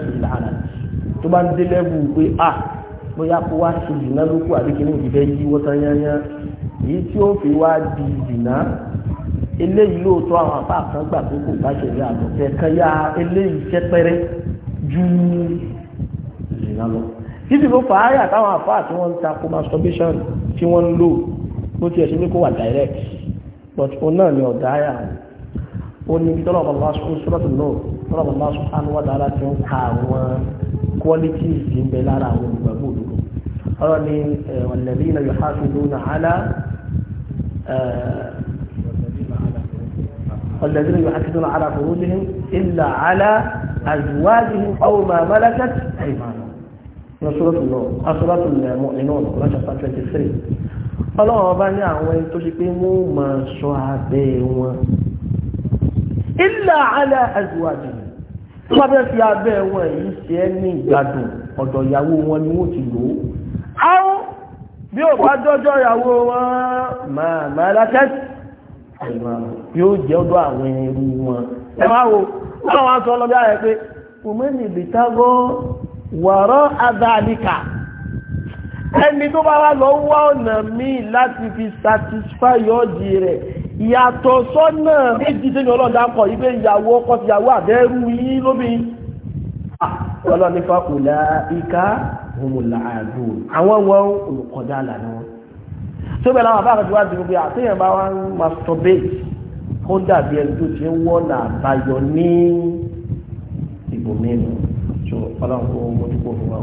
S2: tó bá ń dé lẹ́bù pé ah bóyá kó wá ṣe ìdìnnà lókù àbí kí ní ìdìbẹ́ yí wọ́tá yányá èyí tí ó fi wá di ìdìnnà eléyìí lóòótọ́ àwọn apá kan gbà pé kò bá ṣẹlẹ̀ àtọ̀tẹ́ kan yá eléyìí sẹ́pẹ́rẹ́ ju ìdìnnà lọ. títí ló fà á yà táwọn afá tí wọ́n ń ta kó masturbation tí wọ́n ń lò bó tiẹ̀ ṣe ní kó wà direct but òun náà ni ọ̀gá yà ní ibi tọ́lọ̀ bàbá sọ sọ́lọ́tù náà tọ́lọ̀ bàbá sọ anúwà dára ti ń ka àwọn qualities ń bẹ lára àwọn olùgbàgbọ́ òdodo ọ̀rọ̀ ni ọ̀lẹ́bí iná yóò hásù lónà àlá ọ̀lẹ́bí iná yóò hásù lónà àlá fòrò sí ilà àlá àjùwájú ọ̀hún máa mẹ́lẹ́kẹ́t àìmánu ní sọ́lọ́tù náà asọ́lọ́tù lẹ́mọ́ iná ọ̀nà kọ́lá ọlọ́run ọba ní àwọn ẹni tó ṣe pé wọ́n máa sọ abẹ́ wọn illa ala azwajihim tó bá fẹ́ fi abẹ́ wọn èyí ṣe é ní ìgbádùn ọ̀dọ̀ ìyàwó wọn ni wọ́n ti lò ó. àwọn bí ó bá dọ́jọ́ ìyàwó wọn máa máa lákẹ́sì yóò jẹ́ ọ̀dọ̀ àwọn ẹrú wọn. ẹ máa wo báwọn aṣọ ọlọ́bí ààrẹ pé òmìnir ìbítágọ́ wọ̀rọ̀ adáàlíkà ẹni tó bá wá lọ wá ọ̀nà míì láti fi satisfy ọ̀dì rẹ̀ ìyàtọ̀ sọ́nà méjì tí ọlọ́run dákọ̀ yìí pé ìyàwó ọkọ ti yàwó àbẹ́rù yìí lómi ah, ọlọ́run nípa òlà ìka òmùlà àdó àwọn wọn olùkọ́dá àlànà wọn tí ó bẹ̀rẹ̀ láwọn àbáàkọ́ ti wá sí gbogbo àtẹ̀yìn bá wá ń masturbate ó dàbí ẹni tó ti ń wọ́nà àbáyọ ní ibòmínú ọlọ́run kó mójúkó fún wa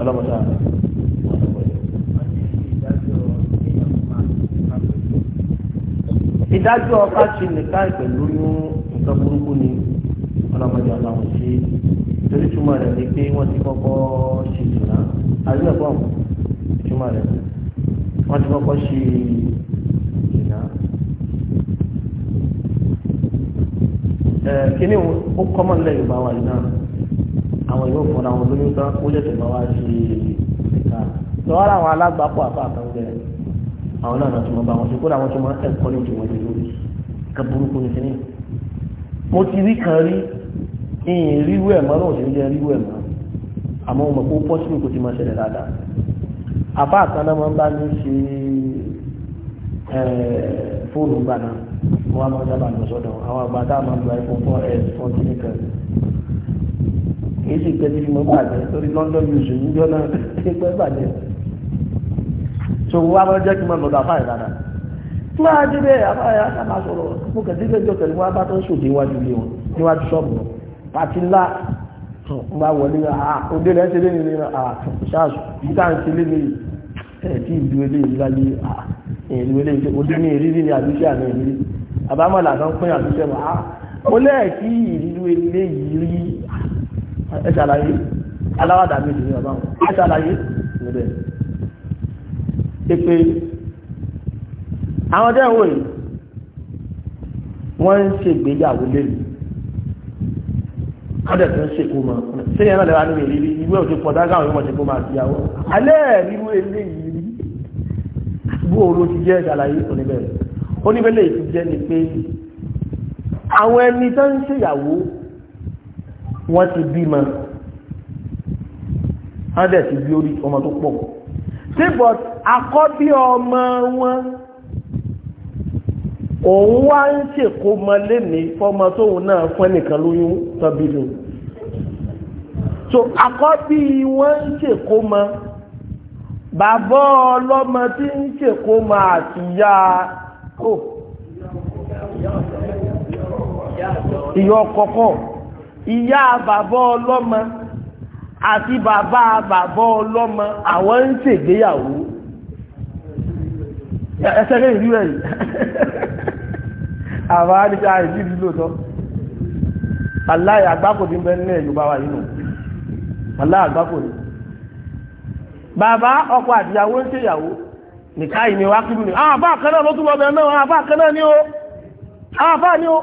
S2: ọlọ́run sáà
S1: ìdájọ́ ọba ṣe
S2: nìkan pẹ̀lú oyún nǹkan burúkú ni ọlọ́mọdé ọlọ́run ṣe torí túmọ̀ rẹ̀ ni pé wọ́n ti kọ́kọ́ ṣe ìṣúná àríwá bọ̀ túmọ̀ rẹ̀ wọ́n ti kọ́kọ́ ṣe ìṣúná. kíní ó kọ́mọ̀ nílẹ̀ Yorùbá wa yìí náà àwọn yóò fọ́nra àwọn olóyún tán ó yẹ kí wọ́n wá ṣe ìṣúná lọ́wọ́ àwọn alágbàpọ̀ àbá àtàwọn bẹ̀rẹ̀ àwọn náà tó mọ bá wọn ṣe kó làwọn tó mọ ẹ̀kọ́ ní ìjọba ìlú ká burúkú ní kíní. mo ti rí kan rí ìyìn ríru ẹ̀ mọ́ náà òṣèré jẹ́ ríru ẹ̀ mọ́ àmọ́ mo mọ̀ pé ó pọ́ sínú kò ti máa ṣẹlẹ̀ dáadáa. àbá àkànná máa ń bá ní ṣe fóònù gbà náà wọ́n á máa dábàá lọ sọ́dọ̀ àwọn àgbà tá a máa lo iPhone four s four kìíní kan kì í sì pẹ́ tí mo bàjẹ́ torí London news ń gbọ́ náà pé pẹ́ bàjẹ́ sòwò wa máa jẹ́ kí n máa lọ́dọ̀ àfáà ìdáná tí wọ́n á dé bẹ́ẹ̀ àfáà yà á máa sọ̀rọ̀ mo kẹ̀ sí lẹ́jọ́ pẹ̀lú wọn bá tó ń sòdì níwájú ilé wọn níwájú ṣọ́ọ̀bù wọn pàtí ńlá ń bá wọlé òde rẹ̀ ṣe lé ní ṣáàṣù ìta ń ṣe lé ní ẹ̀ tí ìlú ilé ìlú ìlú ilé òde ní ìrírí ní àdúṣe àmì ìrírí àbámọ̀ làtàn pín àdúṣe wà á mo yìí rí ẹ̀ pépé àwọn ọjọ́ ìwò yìí wọ́n ń ṣègbéyàwó lẹ́nu ọdẹ tó ń ṣèkó mọ sẹ́yìn náà lẹwà nínú ìrírí ìwé òfin pọ dágà òun ìmọ̀ṣẹ́kó máa fi àwọ alẹ́ ríru eléyìí rí bó oró ti jẹ́ ìṣàlàyé oníbẹ̀rẹ̀ oníbẹ̀rẹ̀ ti jẹ́ ni pé àwọn ẹni tó ń ṣèyàwó wọ́n ti bímọ ọdẹ ti bí orí ọmọ tó pọ̀ síbọ̀ akọ́bí ọmọ wọn òun wá ń ṣèkó mọ léni fọmọ tóun náà fún ẹnìkan lóyún tọbi lò so akọ́bí wọn ń ṣèkó mọ bàbá ọlọ́mọ tí ń ṣèkó mọ àtìyá kò ìyá ọkọ̀ọ̀kọ̀ ìyá bàbá ọlọ́mọ. àti bàbá bàbá ọlọ́mọ àwọn ń ṣègbéyàwó ẹsẹ̀ lè rí rẹ̀ àwọn àdíjá ìdíjú lóòtọ́ aláì àgbákò tí ń bẹ nílẹ̀ Yorùbá wà nínú aláì àgbákò ni bàbá ọkọ àtìyàwó ń ṣèyàwó nìkáyìí ni wákìlú ni àwọn àbá àkànnà ló túnbọ̀ bẹ̀rẹ̀ náà àwọn àbá àkànnà ni ó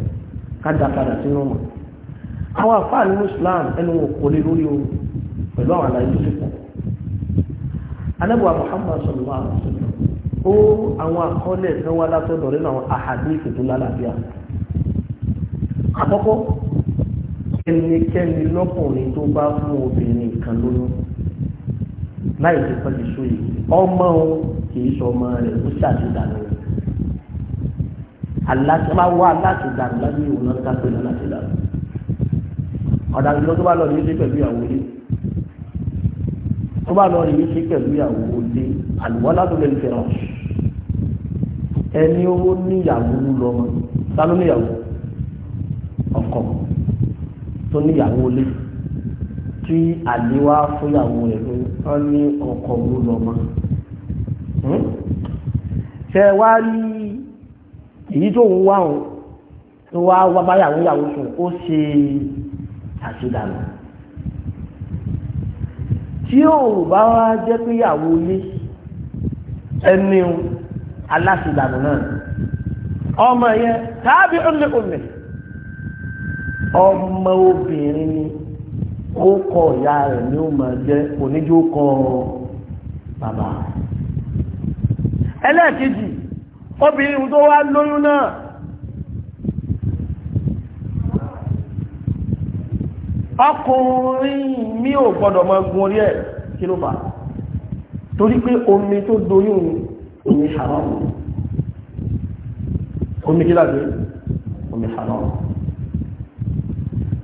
S2: kádà padà sínú mọ̀ àwọn àfáà nínú Islam ẹnu wọn kò lè lórí o pẹ̀lú àwọn àlàyé tó ti anábùwà Muhammad sallallahu alaihi ó àwọn àkọọ́lẹ̀ kan wá látọ̀dọ̀ nínú àwọn àhàdíìsì tó lálàáfíà àkọ́kọ́ ẹnikẹ́ni lọ́kùnrin tó bá fún obìnrin kan lóyún láì lè pẹ́ lè sóyè ọmọ òun kì í sọ ọmọ rẹ̀ ó aláṣẹ máa wá aláṣẹ dànù lábẹ́ ìwò náà ká pé aláṣẹ dànù ọ̀daràn ló tó bá lọ rí ṣe pẹ̀lú ìyàwó ilé tó bá lọ rí ṣe pẹ̀lú ìyàwó ilé àlùwọ́lá tó lè fẹ́ràn ẹni ó níyàwó lọ́mọ ta ló níyàwó ọkọ tó níyàwó ilé tí àléwá fúnyàwó rẹ̀ ló wọ́n ní ọkọ ló lọ́mọ hmm? ṣe wá rí èyí tó ń wá òun tó wá wá báyàwó yàwó sùn ó ṣe àṣedànù tí òun bá wá jẹ́ pé yàwó ilé ẹni aláṣedànù náà ọmọ yẹn tàbí ọmọkùnrin ọmọ obìnrin ni ó kọ ìyá rẹ̀ ni ó máa jẹ́ oníjó kọ bàbá ẹlẹ́ẹ̀kejì obìnrin tó wá lóyún náà ọkùnrin mi ò gbọ́dọ̀ máa gun orí ẹ̀ kí ló bá torí pé omi tó doyún omi haramu omi kí láti omi haramu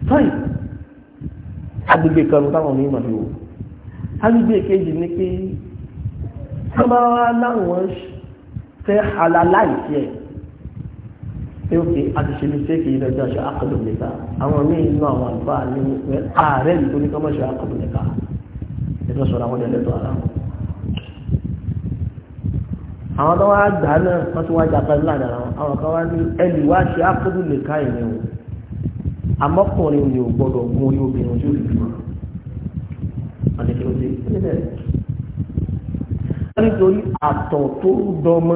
S2: tọ́yì agbègbè kanu táwọn ní ìmọ̀ ìwò agbègbè kejì ní pé wọ́n bá wá láwọn ṣe fẹ́ alaláìsí ẹ̀ pé òkè àtìṣẹ́lú séèkì yìí lọ́jọ́ aṣọ àkọlù nìka àwọn míì inú àwọn àlùfà ní ààrẹ yìí tó ní kọ́ mọ́ṣọ àkọlù nìka ẹ̀tọ́ sọ̀rọ̀ àwọn ẹlẹ́tọ̀ ara wọn. àwọn tó wá gbà náà wọ́n tún wá jà pẹ̀lú lánàá wọn àwọn kan wá ní ẹnì wá ṣe àkọlù nítorí àtọ̀ tó dọmọ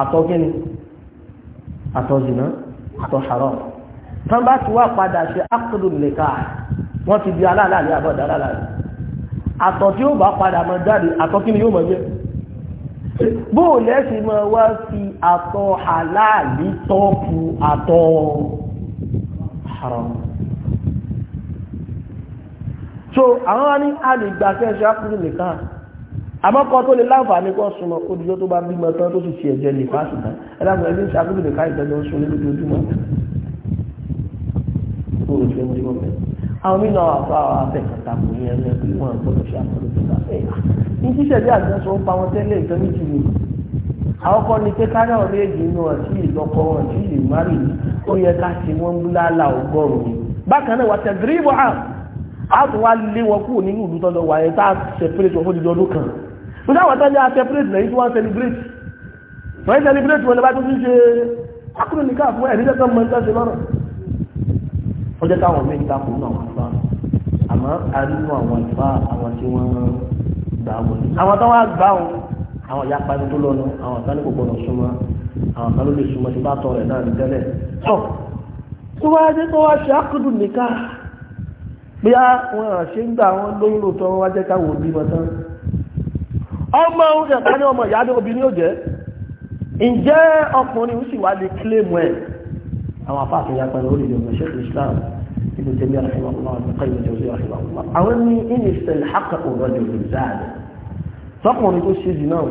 S2: àtọ̀ kíni àtọ̀ zìnà àtọ̀ haram tán bá ti wá padà ṣe ákùdù nìka wọ́n ti di aláàlá ní àbọ̀dá aláàlá àtọ̀ tí ó bá padà mọ jáde àtọ̀ kíni yóò mọ̀ jẹ́ bóò lẹ́sìn mọ́ wá fi àtọ̀ aláàlí tọ́pù àtọ̀ haram so àwọn ní alìgbàkẹ́ ṣe ákùdù nìka àmọ́ kọ́ tó lè láǹfààní kọ́ súnmọ́ kó dijọ́ tó bá bímọ tán tó sì fi ẹ̀jẹ̀ lè fásitì tán ẹ̀dàgbọ́n ẹbí ń ṣàkóso nìka ìtọ́jú ń sunlé lójoojúmọ́ tó o ṣe ń dín ọ̀fẹ́. àwọn mí náà àfa àwọn afẹ́kọ̀tà kò yẹn lẹ́ pé wọ́n gbọ́dọ̀ ṣe àkọlù tó bá fẹ́ yà. ní ṣíṣẹ́ bí àjọṣọ ń pa wọn tẹ́lẹ̀ ìtọ́ ni àwọn kan ní pé kárí àwọn méjì inú ọtí ìlọkọ ọtí ìmárì ó yẹ ká ṣe wọn búláàlà ọgọ́rùn-ún bákan náà wà tẹ̀gírí wà á tún wá lé wọn kúrò nínú ìlú tọ́jọ́ wà yẹn tá a tó dáwọn tó yá separate lẹ́yìn tí wọ́n celebrate wọ́n celebrate wọn lọ́bá tó fi ṣe akúrò nìkan fún ẹ̀rí tẹ́tọ́ mọ́ ìtọ́ ṣe lọ́rọ̀ ó jẹ́ káwọn mí ta kùn náà wọ́n fa àmọ́ arínú àwọn ìfá àwọn tí wọ́n gbà wọ́n àwọn tó wá gbà wọn àwọn ìyá pariwo tó lọ́nà àwọn kan ní kò gbọdọ̀ súnmọ́ ọmọ oúnjẹ ká ní ọmọ ìyáde obìnrin ó jẹ́ ǹjẹ́ ọkùnrin ó sì wá lè kílèmù ẹ̀ àwọn afáàfin ya pẹ̀lú orílẹ̀ ọmọ ṣẹ́kù Islam ibi tẹ̀lé àṣìwà ọmọ ọdún kọ́ ìwọ̀n tẹ̀lé àṣìwà ọmọ àwọn ní ìnìṣẹ̀lẹ̀ haka ọ̀rọ̀ lè rí záàdì tọkùnrin tó ṣe jù náà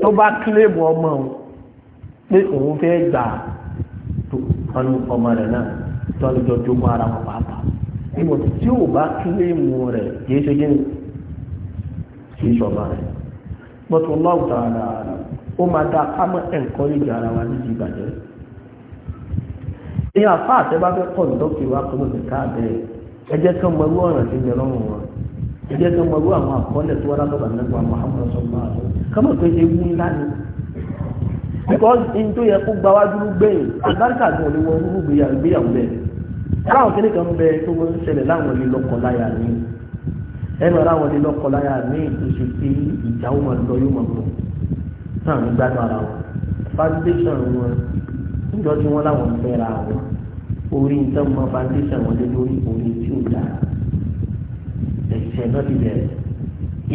S2: tó bá kílèmù ọmọ pé òun fẹ́ gbà tó ọnù ọmọ rẹ̀ náà tó ọlọ́jọ́ jogún ara wọn pàápàá ìmọ̀ tí ò bá kílèmù rẹ̀ kì í ṣe gíní rẹ̀ but Allahu ta'ala ó máa dá kámọ́ ẹ̀ǹkọ́ ní ìjà ara wa níbi ìbàjẹ́ ní àfa àtẹ́bá fẹ́ kọ́ ìdọ́kì wa kọ́ lóde káàbẹ̀ ẹ jẹ́ kí ọmọ ẹrú ọ̀ràn ti yẹ lọ́rùn wa ẹ jẹ́ kí ọmọ ẹrú àwọn àkọọ́lẹ̀ tó wá látọ̀dọ̀ nígbà Muhammad sallallahu alaihi wasallam kọ́mọ̀ pé ewu ńlá ni because in tó yẹ kó gbawájú gbẹ̀yìn àgbáríkà gan ni wọ́n rúgbìyàwó bẹ́ẹ̀ láwọn kìnnìkan bẹ tó wọ́n ń ṣẹlẹ̀ láwọn ilé lọ́kọ̀ọ́láyà ni ẹnu ara wọn ni lọ́kọláya ní ìtúnṣe pé ìjà ó máa lọ yóò máa bọ̀ náà ní gbádùn ara wọn foundation wọn níjọ tí wọn láwọn fẹ́ ra wọn orí nǹkan mọ foundation wọn lé lórí orí tí ó dà ẹ̀ṣẹ̀ náà ti bẹ̀rẹ̀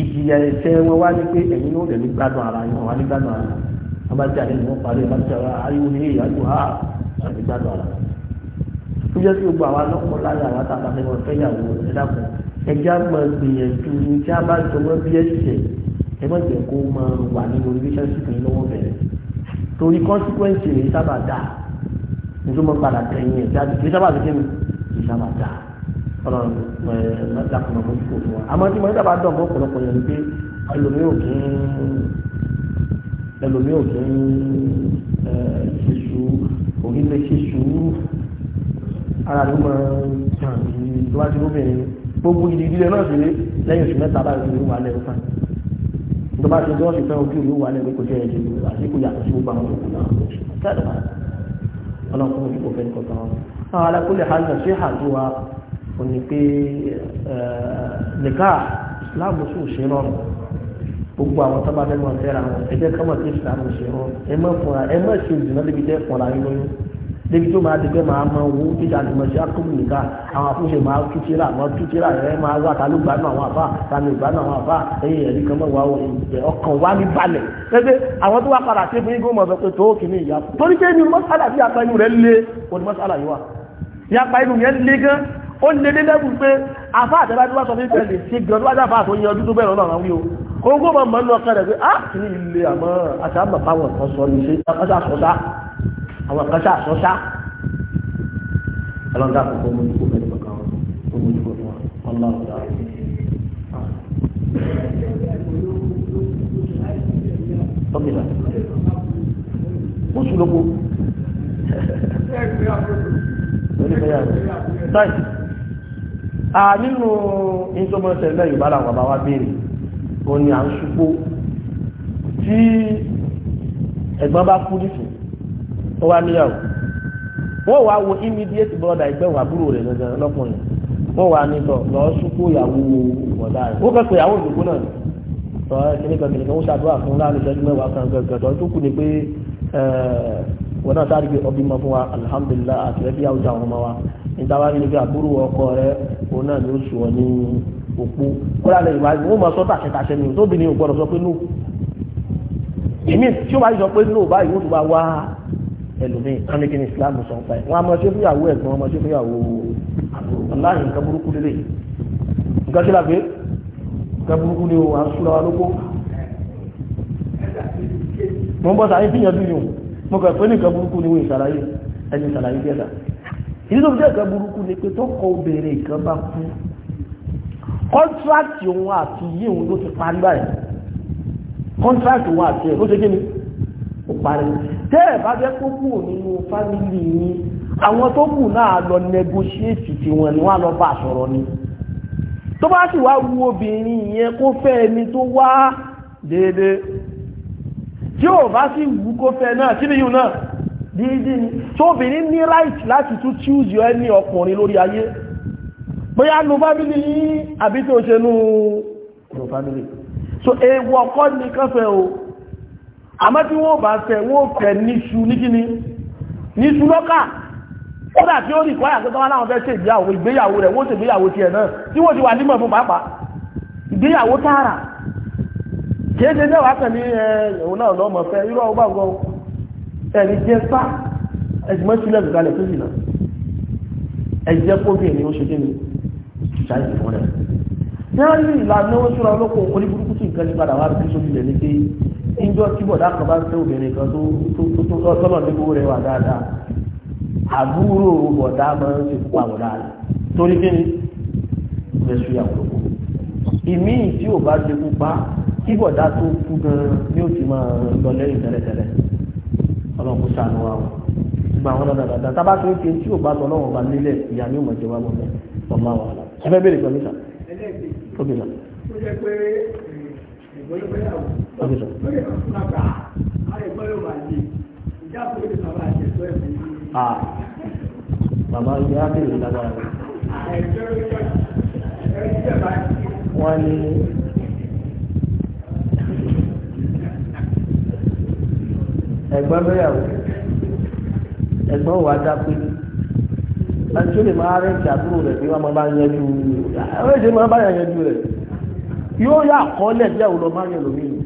S2: ìjìyà ẹ̀ṣẹ̀ wọn wá ní pé ẹ̀yin ló rẹ̀ ní gbádùn ara yín wà ní gbádùn ara wọn bá jáde ní wọn parí ẹ̀ bá jáde ariwo ní èyí àjò ha àti gbádùn ara wọn. ó jẹ́ kí gbogbo àwa lọ́kọláya àwọn àtàkàtà wọn fẹ́ yàwó ẹ̀dá ẹjẹ́ àmọ́ gbìyànjú ní tí a bá jọmọ́ bí ẹ̀ṣẹ̀ ẹ má jẹ́ kó máa wà nínú relationship yìí lọ́wọ́ bẹ̀rẹ̀ torí consequence rẹ̀ sábà dà nítorí mo padà tẹ̀yìn ẹ̀ jáde kì í sábà tẹ̀yìn kì í sábà dà ọlọ́run ẹ̀ lákùnrin ọmọ ìkó fún wa àmọ́ tí mo sábà dọ̀ mọ́ ọ̀pọ̀lọpọ̀ yẹn ni pé ẹlòmíì ò kí ẹlòmíì ò kí ṣe sùúrù òkè lè ṣe sùúrù ara ló máa ń tàn ní iwájú lóbìnrin gbogbo ìdílé náà sì ní lẹ́yìn oṣù mẹ́ta bá ìlú wà lẹ́yìn fún un tó bá ṣe jọ́ọ̀ṣì fẹ́ ojú ìlú wà lẹ́yìn kò jẹ́ ẹ̀jẹ̀ ìlú àṣìkò yàtọ̀ sí gbogbo àwọn òkú náà kẹ́ẹ̀dọ̀ bá ọlọ́run fún ojú kò fẹ́ nìkan tán àwọn alákólẹ̀ hàn sí àdúrà ò ní pé nìkan Islam sì ṣe rọrùn gbogbo àwọn tó bá fẹ́ mọ̀ fẹ́ra wọn ẹ̀jẹ̀ kọ́mọ̀ sí Islam ṣe rọrùn ẹ mọ̀ fúnra ẹ mọ̀ ṣe jùlọ níbi tẹ́ fúnra yín lóyún débi tó máa dìgbẹ́ máa mọ owó tíjà ní mọ̀ṣẹ́ àkókò nìkan àwọn afúnṣe máa tú tíra àwọn tú tíra rẹ̀ máa wá ta ló gbanú àwọn àbá ta ló gbanú àwọn àbá ẹ̀yìn ẹ̀rí kan mọ̀wá ọkàn wá ní balẹ̀ pépé àwọn tó wá padà sí ibi igbó mọ̀ọ́sọ pé tóó kìíní ìyá torí pé ní mọ́sálà bí apá inú rẹ̀ lé òní mọ́sálà yìí wà ìyapa inú yẹn lé gan ó lé dé lẹ́bù pé afá àtẹ́lá tí wọ́n sọ fífẹ́ lè ṣe gan lọ́jà fà tó yanjú tó bẹ̀rẹ̀ ọ̀nà àwọn ogun ma mọ̀ ní rẹ̀ pé á kìí ilé àmọ́ àti àmọ̀ fáwọn ọ̀sán ní ṣe ọ̀sán àṣọ̀dá àwọn kan ṣàṣọ ṣá ọlọ́run dà kókó mú ìdìbò mẹ́rin kankan ó mú ìdìbò fún wa ọlọ́run dà kókó. tọ́kìlá oṣù lóko táì à nínú ìjọmọ̀ọ́sẹ̀ lẹ́yìn bá làwọn bàbá wa béèrè ó ní à ń ṣubú tí ẹ̀gbọ́n bá kú nìtò ó wá níyàwó wọ́n wá wo immediate brother ẹgbẹ́ wọn àbúrò rẹ̀ lọ́jọ́ lọ́kùnrin wọ́n wá ní sọ lọ́ọ́ sùkú ìyàwó ọ̀dà rẹ̀ ó kẹ́kọ̀ọ́ ìyàwó ìdòkú náà sọ kìnìkan kìnìkan ó ṣàdúrà fún láàrin ìṣẹ́jú mẹ́wàá kan gẹ̀gẹ̀ tó kù ni pé wọn náà sáré gbé ọbí mọ fún wa alihamudulilayi àti ẹbí àwùjọ àwọn ọmọ wa níta wá ní ibi àbúrò ọkọ rẹ òun náà ni ó sùn ọ ní òpó kódà lè wá wọn mọ sọ tàṣẹtàṣẹ ni tóbi ni ògbọdọ sọ pé no èmi tí ó bá yọ pé no báyìí wọn tún bá wá ẹlòmíì wọn ní kí ni islam sọ ń pa ẹ wọn a máa ṣe fúyàwó ẹ̀gbọ́n wọn máa ṣe fúyàwó àbúrò aláàyè nǹkan burúkú lélẹ̀ nǹkan kí la pé nǹkan burúkú ni o à ń súra wa lóko mo ń bọ́ sáyé fìyànjú yìí o mo kàn pé ní nǹkan burúkú ni o ìṣàlàyé ẹni ìṣàlàyé bí ẹ̀dá ìdí tó fi jẹ́ nǹkan burúkú ni pé tọkọ obìnrin nǹkan bá kú kọ́ńtíráàtì òun àti yíyún ló ti parí báyìí kọ́ńtíráàtì òun àti ó parí tẹ́ ẹ̀ bá jẹ́ kó kúrò nínú fámìlì yín àwọn tó kù náà lọ nẹgọṣíètì tiwọn ni wọ́n lọ bá sọ̀rọ̀ ni tó bá sì wá wu obìnrin yẹn kó fẹ́ ẹni tó wá déédéé tí ò bá sì wù kó fẹ́ náà kí nìyí náà dídí ni tí obìnrin ní right láti tún choose your ẹni ọkùnrin lórí ayé bóyá nu fámìlì yín àbí tí o ṣe nu nu so èèwọ̀ kọ́ ni kẹfẹ́ o àmọ́ tí wọ́n bá fẹ́ wọ́n fẹ́ níṣu nígíní níṣu lọ́kà kódà tí ó rí kọ́ àyàkó tó wá láwọn fẹ́ ṣe ìgbéyàwó ìgbéyàwó rẹ̀ wọ́n ṣe ìgbéyàwó tiẹ̀ náà tí wọ́n ti wà nímọ̀ fún pàápàá ìgbéyàwó tààrà kìí ṣe náà wá pẹ̀ ní ẹ̀hùn náà lọ́mọ fẹ́ irú ọgbà ọgbà ẹ̀rí jẹ́ sá ẹ̀jùmọ́ sílẹ̀ ìgbàlẹ̀ tó jìnà ẹ̀jẹ̀ kóbìnrin ni ó ṣe dé ní ṣáàjì fún rẹ̀ ní ìlànà oṣù ra olóko oníburúkú sí nǹkan ní padà wá rí sórí ilẹ̀ ní pé níjọ́ tí bọ̀dá kan bá ń tẹ obìnrin kan tó tó tọ́lọ̀ níbo rẹ̀ wà dáadáa àbúrò bọ̀dá máa ń ṣe pa bọ̀dá rẹ̀ torí kí ni mẹ́sù yà wọ́n lọ́wọ́ ìmí tí ò bá ṣe kú pa kí bọ̀dá tó kú gan-an ni ó ti máa lọ lẹ́yìn tẹ́lẹ̀tẹ́lẹ̀ ọlọ́run kó sànù wa wọn gba àwọn ọ̀dà dáadáa tá a bá tó ṣe tí ò bá tọ́ lọ́wọ́ bá nílẹ̀ ìyá ni ó mọ̀ jẹ́ wá bọ̀ Ah.
S1: Bàbá ìyá bèrè lágbára rẹ̀. Wọ́n
S2: ní ẹ̀gbọ́n bẹ́yàwó ẹ̀gbọ́n wà dá pé láti ó lè máa rẹ̀ ìjà rẹ̀ pé wọ́n máa bá yanjú rẹ̀. Ẹ̀rọ ìṣe máa bá yanjú rẹ̀ yóò yà kọ́lẹ̀ bí ẹ̀wọ̀n lọ máa ń yẹ lómi nù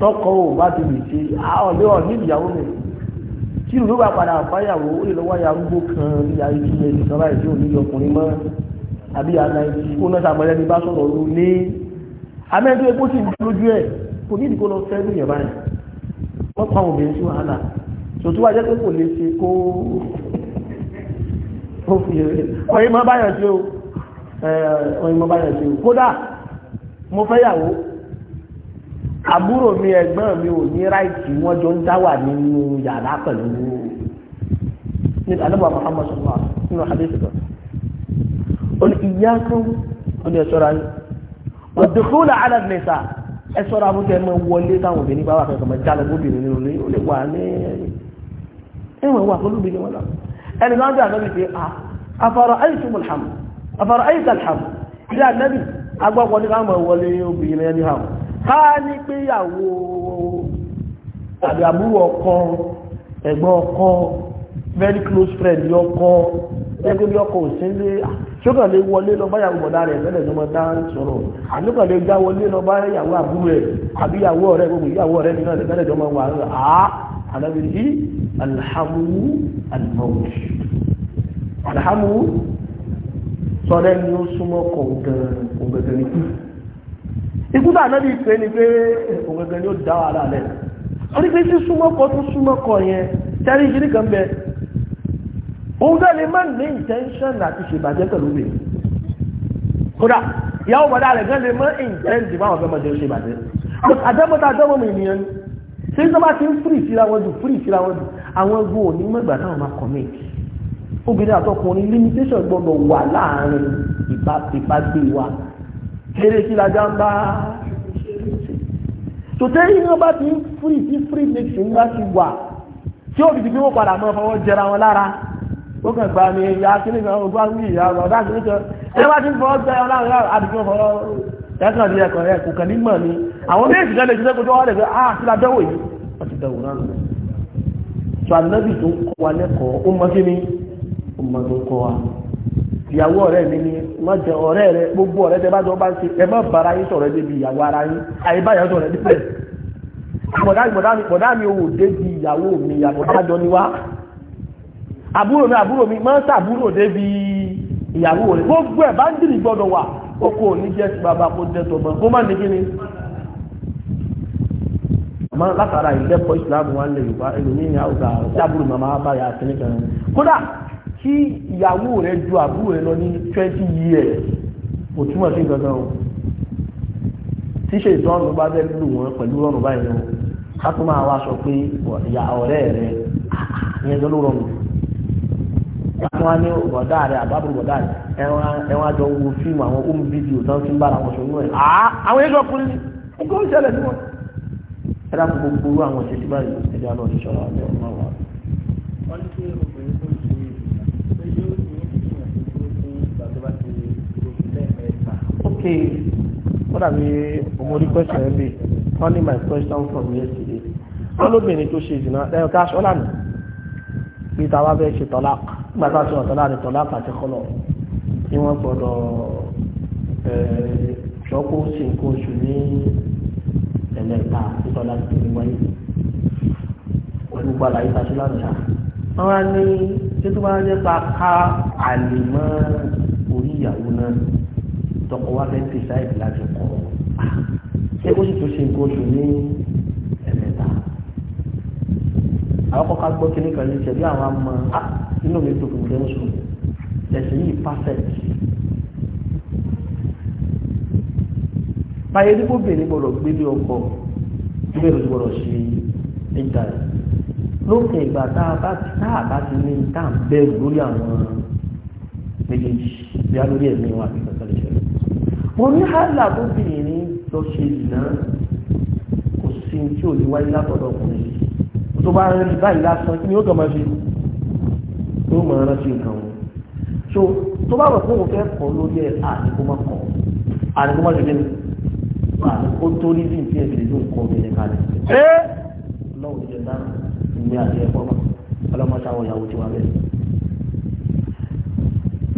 S2: tọkọ ò bá ti lè ṣe ọ̀lẹ́ ọ̀ní ìyàwó mi tí ìlú bá padà báyàwó ó lè lọ́wọ́ ya arúgbó kan bí ayé tí ilé ìjọba ìdí òní ọkùnrin mọ́ àbí àná ìdí ó náà sàmọ́lẹ́ ní bá sọ̀rọ̀ ló ní amẹ́tí epo sì ń bí lójú ẹ̀ kò ní ìdíkó lọ fẹ́ ní ìyẹ̀bá yẹn wọ́n pa àwọn obìnrin sí wàhálà tòtú wájẹ́ pé kò lè ṣe kó ó fi ọ̀yìn ọ̀yìn mọ́ báyọ̀ sí o kódà mo fẹ́ yàwó àbúrò mi ẹ̀gbọ́n mi ò ní ráìtì wọ́n jọ ń dá wà nínú yàrá pẹ̀lú níbi àlọ́ bàbá Muhammad sọ̀rọ̀ nínú hadith kan ó ní ìyá kan ó ní ẹ̀ṣọ́ra ní ọ̀dùnkúlà alàdìmẹ̀sà ẹ̀ṣọ́ra mú kẹ́ mọ wọlé táwọn obìnrin bá wà kẹ́kọ̀ọ́ mọ jálọ gómìnir nínú ilé ó lè wà ní ẹ̀wọ̀n wà fún lóbìnrin wọn lọ ẹnì kan bí àná agbọ́pọ̀ ní káàmọ̀ wọlé obìnrin ẹni hàn ká ní pé ìyàwó tàbí àbúrò ọkọ ẹ̀gbọ́n ọkọ very close friend ọkọ ẹgbẹ́ bí ọkọ òsínlé ṣókàn lè wọlé lọ báyàwó bọ̀dá rẹ̀ lẹ́lẹ̀ ló máa dá sọ̀rọ̀ àlùkàn lè já wọlé lọ bá ìyàwó àbúrò rẹ̀ àbí ìyàwó ọ̀rẹ́ gbogbo ìyàwó ọ̀rẹ́ mi náà lẹ́lẹ̀ ló máa wà á àdàbí yìí alhamu alimawuti alhamu sọ́rẹ́ ni ó súnmọ́ kọ̀ ògẹ̀gẹ̀ ní kú ikú tà náà bí pé ni pé ògẹ̀gẹ̀ ni ó dá wàhálà lẹ̀ wọ́n ní pé sí súnmọ́ kọ̀ tó súnmọ́ kọ̀ yẹn tẹ́rí ìṣirí kan bẹ òun náà lè má ní intention àti ṣèbàjẹ́ pẹ̀lú mi kódà ìyàwó bàdá rẹ̀ gan lè má intent báwọn fẹ́ mọ̀ jẹ́ ṣèbàjẹ́ àtẹ́mọ́ta àtẹ́mọ́ mi nìyẹn ṣé sábà ti ń fírì síra wọn jù fírì síra wọn jù àwọn gbòòní mọ́gbà táwọn máa commit obìnrin àtọkùnrin limitation gbọ́dọ̀ wà láàrin ìbágbé wa kéré kí lajá ń bá tòtẹ́ iná bá ti ń fúrì tí fúrì mixing bá ti wà tí ó fìdí bí wọ́n padà mọ́ fọwọ́ jẹra wọn lára ó kàn gba ni ìyá kíní kan ọgbà wí ìyá ọ̀dà kíní kan ẹ bá ti ń fọwọ́ jẹra wọn lára àdìgbò fọwọ́ ẹ̀kan ní ẹ̀kan ẹ̀ kò ní mọ̀ ni àwọn méjì kan lè ṣiṣẹ́ kó tó fẹ́ ah sí la dẹ́wò yìí wọ́n ti dẹ̀wò náà sọ ọmọ tó kọ́ wa ìyàwó ọ̀rẹ́ mi ni wọ́n jẹ gbogbo ọ̀rẹ́ tẹ bá jọ bá ń ẹ yín sọ̀rọ̀ ìyàwó ara yín àyíbáyà sọ̀rọ̀ ìyàwó ni wá àbúrò mi àbúrò mi máa ń sàbúrò ìyàwó rẹ gbogbo bá ń dìrì wà oko ò ní bàbá kó kó má ní kí ìyàwó rẹ ju àbúrò rẹ lọ ní twenty years kò túmọ̀ sí gangan tí tíṣe ìtọ́nù bá fẹ́ lù wọ́n pẹ̀lú rọrùn báyìí sọ pé ìyá ọ̀rẹ́ rẹ ìyẹn tó ló rọrùn ní bọ̀dá rẹ àbábọ̀ bọ̀dá rẹ ẹwọn àjọ wo fíìmù àwọn home video tó ń fi ń bára wọn ní ṣẹlẹ̀ okay wọ́n dàbí ọmọ orí question ẹ̀ bí only my question from yesterday wọ́n lóbìnrin tó ṣe ìdìnnà ẹ̀ ká aṣọ lánàá bí ta wá fẹ́ ṣe tọ́lá nígbà tá a ṣe ọ̀tọ́lá ni tọ́lá àti kọ́lọ̀ tí wọ́n gbọ́dọ̀ ṣọ́kó sí nǹkan oṣù ní ẹ̀lẹ́ta títọ́lá tó ti wáyé pẹ̀lú gbàlá yìí ta ṣe lánàá wọ́n wá ní títí wọ́n á jẹ́ pa ká àlè mọ́ orí ìyàwó náà tọkọ wa fẹ́ decide láti kọ́ ah, ṣé ó sì tún ṣe nǹkan oṣù ní ẹ̀mẹ́ta àwọn kọ́ka gbọ́ kíní kan ní ìṣẹ̀lẹ̀ àwọn amọ̀ ah, inú mi dùn fún ìjẹun sùn lẹ́sìn yìí perfect. báyìí ní bóbìnrin gbọ́dọ̀ gbélé ọkọ gbèrò gbọ́dọ̀ ṣe níta lókè ìgbà tá a bá ti ní tá à ń lórí àwọn méjèèjì bí a lórí ẹ̀mí wa nígbà wọ́n ní hálà tó bìnrin lọ ṣe ìná kò sí tí ò ní wáyé látọ̀dọ̀ ọkùnrin yìí tó bá rí báyìí lásán kí ni ó gàmọ́ ṣe ó mọ̀ ọ́n rántí nǹkan wọn so tó bá rọ̀ pé òun fẹ́ kọ́ lórí ẹ̀ àdìgbò má kọ́ àdìgbò má ṣe kí ni àdìgbò tó ní bí nǹkan ìṣẹ̀lẹ̀ ló ń kọ́ obìnrin kalẹ̀ ẹ́ lọ́wọ́ ìjẹta ìwé àti ẹ̀kọ́ ọlọ́mọṣáwọ̀ ìyàwó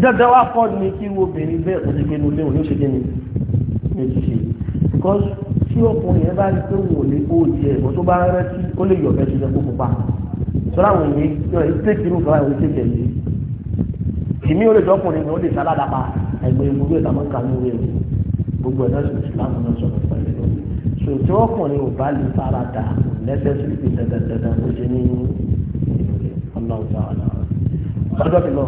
S2: dandan wá kọ́ ni kí wo obìnrin bẹ́ẹ̀ kò sí pé inú ilé òun yóò ṣe kíni ní ti ṣe because tí ọkùnrin yẹn bá rí pé òun ò lè kó òjì ẹ̀ tó bá rántí ó lè yọ̀bẹ ṣiṣẹ́ kó pupa sọ́dọ̀ àwọn èyí yóò rí tẹ́kì inú kan àwọn tẹ́kì ẹ̀yìn ìmí ó lè dọ́kùnrin ó lè sáládà pa ẹgbẹ́ gbogbo ìta máa ń ka ní orí ẹ̀yìn gbogbo ẹ̀dá sì ìsìlámù náà sọ̀rọ̀ pẹ̀lú so tí ọkùnrin ò bá lè fara dà necessary dandandandan ó ṣe ní ọlọ́ọ̀ta ọ̀dọ́ ti lọ.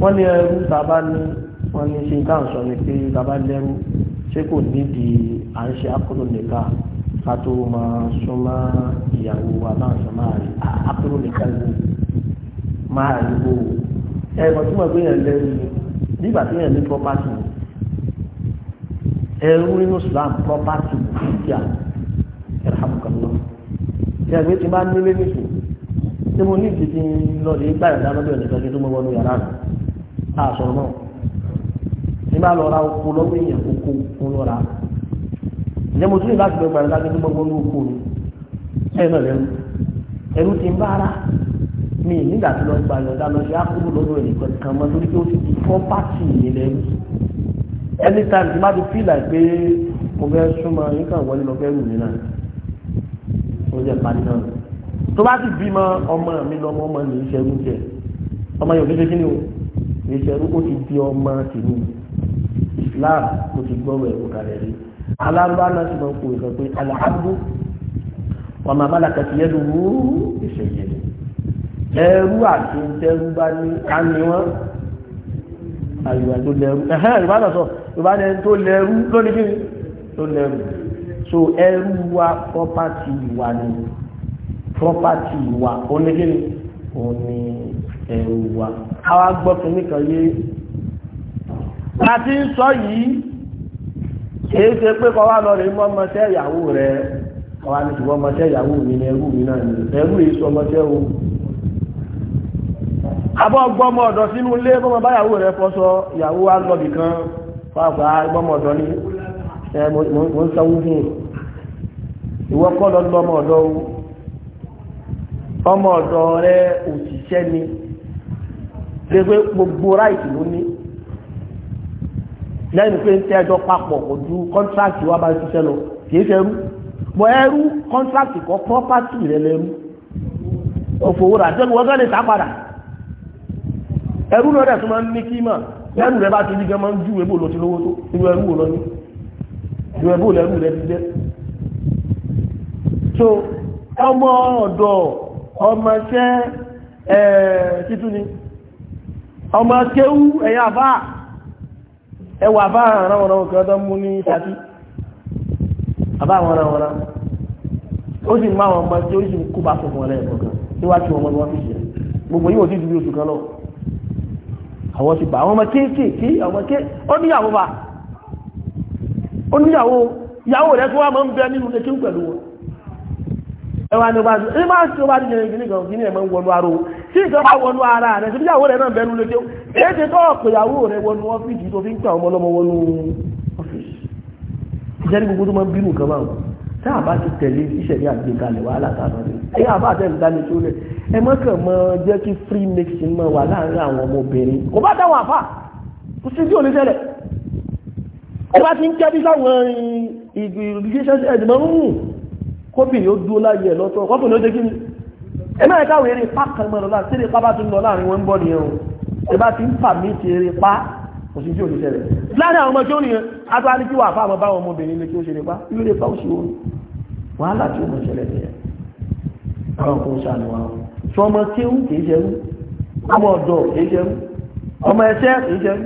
S2: wọ́n ní ẹrú tàbá ní wọ́n ní ṣe ká sọ ni pé tàbá lẹ́rú ṣé kò nídìí à ń ṣe akúrò nìkan ká tó máa súnmọ́ ìyàwó wa náà sọ máa rí akúrò nìkan ló máa rí bò ó ẹ̀rọ tí wọ́n gbé yẹn lẹ́rú ni nígbà tí yẹn ní property ẹrú nínú Islam property dúkìá ẹ̀rọ àbùkàlọ́ tí ẹgbẹ́ ti bá nílé nìkan tí mo ní ìdí tí ń lọ lè gbà yàrá lọ́dọ̀ ẹ̀nìkan kí tó mọ́ wọnú yàrá rẹ̀ á sọ̀rọ̀ náà ní bá lọ ra oko lọ́wọ́ èèyàn oko fún lọ́ra ǹjẹ́ mo tún ní láti lọ gbà yàrá kí tó mọ́ wọnú oko ni. ẹ̀ náà lẹ́nu ẹ̀rú ti ń bá ara mi nígbà tí lọ gbà yàrá lọ sí lọ́dọ̀ ẹ̀nìkan kan mọ́ torí pé ó ti di pọ́pátì mi lẹ́nu anytime tí má ti feel like pé mo fẹ́ súnmọ́ yín kàn wọlé lọ fẹ́ rù tó bá ti bímọ ọmọ mi lọ́mọ ọmọ mi ìṣẹ́rú jẹ ọmọ yóò léṣe kí ni o ìṣẹ́rú ó ti di ọmọ tèmi Islam ó ti gbọ́rọ̀ ẹ̀rọ kalẹ̀ rí alárúbá náà ti máa ń kó ìkan pé alàábù ọmọ amálàkà ti yẹ́ lówó ìṣẹ̀yẹ ẹrú àti ìtẹ́rú bá ní àmì wọn àyùwà tó lẹ́rú ẹ̀hẹ́n ìbá náà sọ ìbá ní ẹni tó lẹ́rú lónìí kí ni tó lẹ́rú so ẹrú wa property wa ni property wa onígbẹ́ni òní ẹ̀rù wa káwá gbọ́ kínní kan yé láti sọ yìí kìí ṣe pé kọ́ wá lọ rè mọ́ ọmọọṣẹ́ ìyàwó rẹ̀ ọ̀wá ní ṣùgbọ́n ọmọọṣẹ́ ìyàwó mi ni ẹrú mi náà ni ẹrú yìí sọ ọmọọṣẹ́ o àbọ̀ gbọ́mọ ọ̀dọ̀ sínú ilé bọ́mọ báyàwó rẹ̀ fọṣọ ìyàwó wa lọ́bì kan fáfà gbọ́mọ ọ̀dọ̀ ni mo ń sanwó fún ìwọ kọ́ lọ́dún ọmọ ọ̀dọ́ o ọmọ ọ̀dọ̀ rẹ òṣìṣẹ́ ni gbẹgbẹ gbogbo ráìtì ló ní lẹ́yìn pé ń tẹ́jọ́ papọ̀ kò ju kọ́ńtrákì wa bá ṣiṣẹ́ lọ kì í ṣe ẹrú bọ̀ ẹrú kọ́ńtrákì kọ́ pọ́pátì rẹ lẹ́rú òfòwò rà jẹ́nu wọ́n gẹ́lẹ̀ ta padà ẹrú lọ́dẹ tó máa ń ní kí mà lẹ́rù rẹ bá ti dígan máa ń ju ebó lọ ti lówó tó irú ẹrú lọ ní irú ẹbó lẹ́rú rẹ ti jẹ́ so ọmọ ọ̀dọ̀ ọmọṣẹ́ ni ọmọ kéwú ẹ̀yà bá ẹwà bá ránwọ̀rán kan tó mú ní tàbí àbá àwọn ránwọ̀rán ó sì máa wọn ọmọ tí ó sì kú bá fọ̀fọ̀ rẹ̀ ẹ̀kọ̀kan níwájú ọmọ ni wọ́n fi ṣe gbogbo yíò sí ìdúró oṣù kan lọ àwọn ti àwọn ọmọ ké ó níyàwó ó níyàwó ìyàwó rẹ̀ tó wà ń bẹ nínú pẹ̀lú wọn ẹwà ni wàá ní bá tí o bá ti jẹ ìgbìnì kan kìíní ẹ̀ máa ń wọnú ara o tí nǹkan bá wọnú ara rẹ síbi ìyàwó rẹ náà bẹ̀rù lé tó èyí ti tọ́ ọ̀pẹ̀yàwó rẹ wọnú ọ́fíìsì tó fi ń ta ọmọ ọlọ́mọ wọnú ọ́fíìsì ìṣẹ́ ní gbogbo tó máa ń bínú kan báwọn tá a bá ti tẹ̀lé ìṣẹ̀lẹ̀ àgbékalẹ̀ wàhálà káàkiri rẹ̀ ẹ̀yà àbá àtẹ̀lẹ̀ dání tó lẹ̀ ẹ mọ́ kàn mọ́ jẹ́ kí free mixing mọ́ wà láàrin àwọn ọmọbìnrin kò bá dáwọn àfà kò sí bí ò ní ṣẹlẹ̀ ẹ bá ti ń kẹ́ bí sáwọn ìgbìyànjú ẹ̀dùnmọ́rún kóbìnrin ó dúó láyé ẹ̀ lọ́tọ̀ kọ́kùnrin ó jẹ́ kí ni ẹ máa káwé eré pa kan mọ́ lọ́la tí ìrèpá bá ti ń lọ láàrin wọn ń bọ́ nìyẹn o ẹ bá ti ń fà mí ti eré pa kò sí tí ò ní ṣẹlẹ̀ láàrin àwọn ọmọ tí ó nìyẹn adó alíkí wà fáwọn báwọn ọmọbìnrin lè kí ó ṣe lè pa irú lè pa wàhálà tí ó mọ̀ ṣẹlẹ̀ nìyẹn àwọn kò sànù wa tí ọmọ kéwù kìí ṣẹrú ọmọ ọ̀dọ̀ kìí ṣẹrú ọmọ ẹṣẹ́ kìí ṣẹrú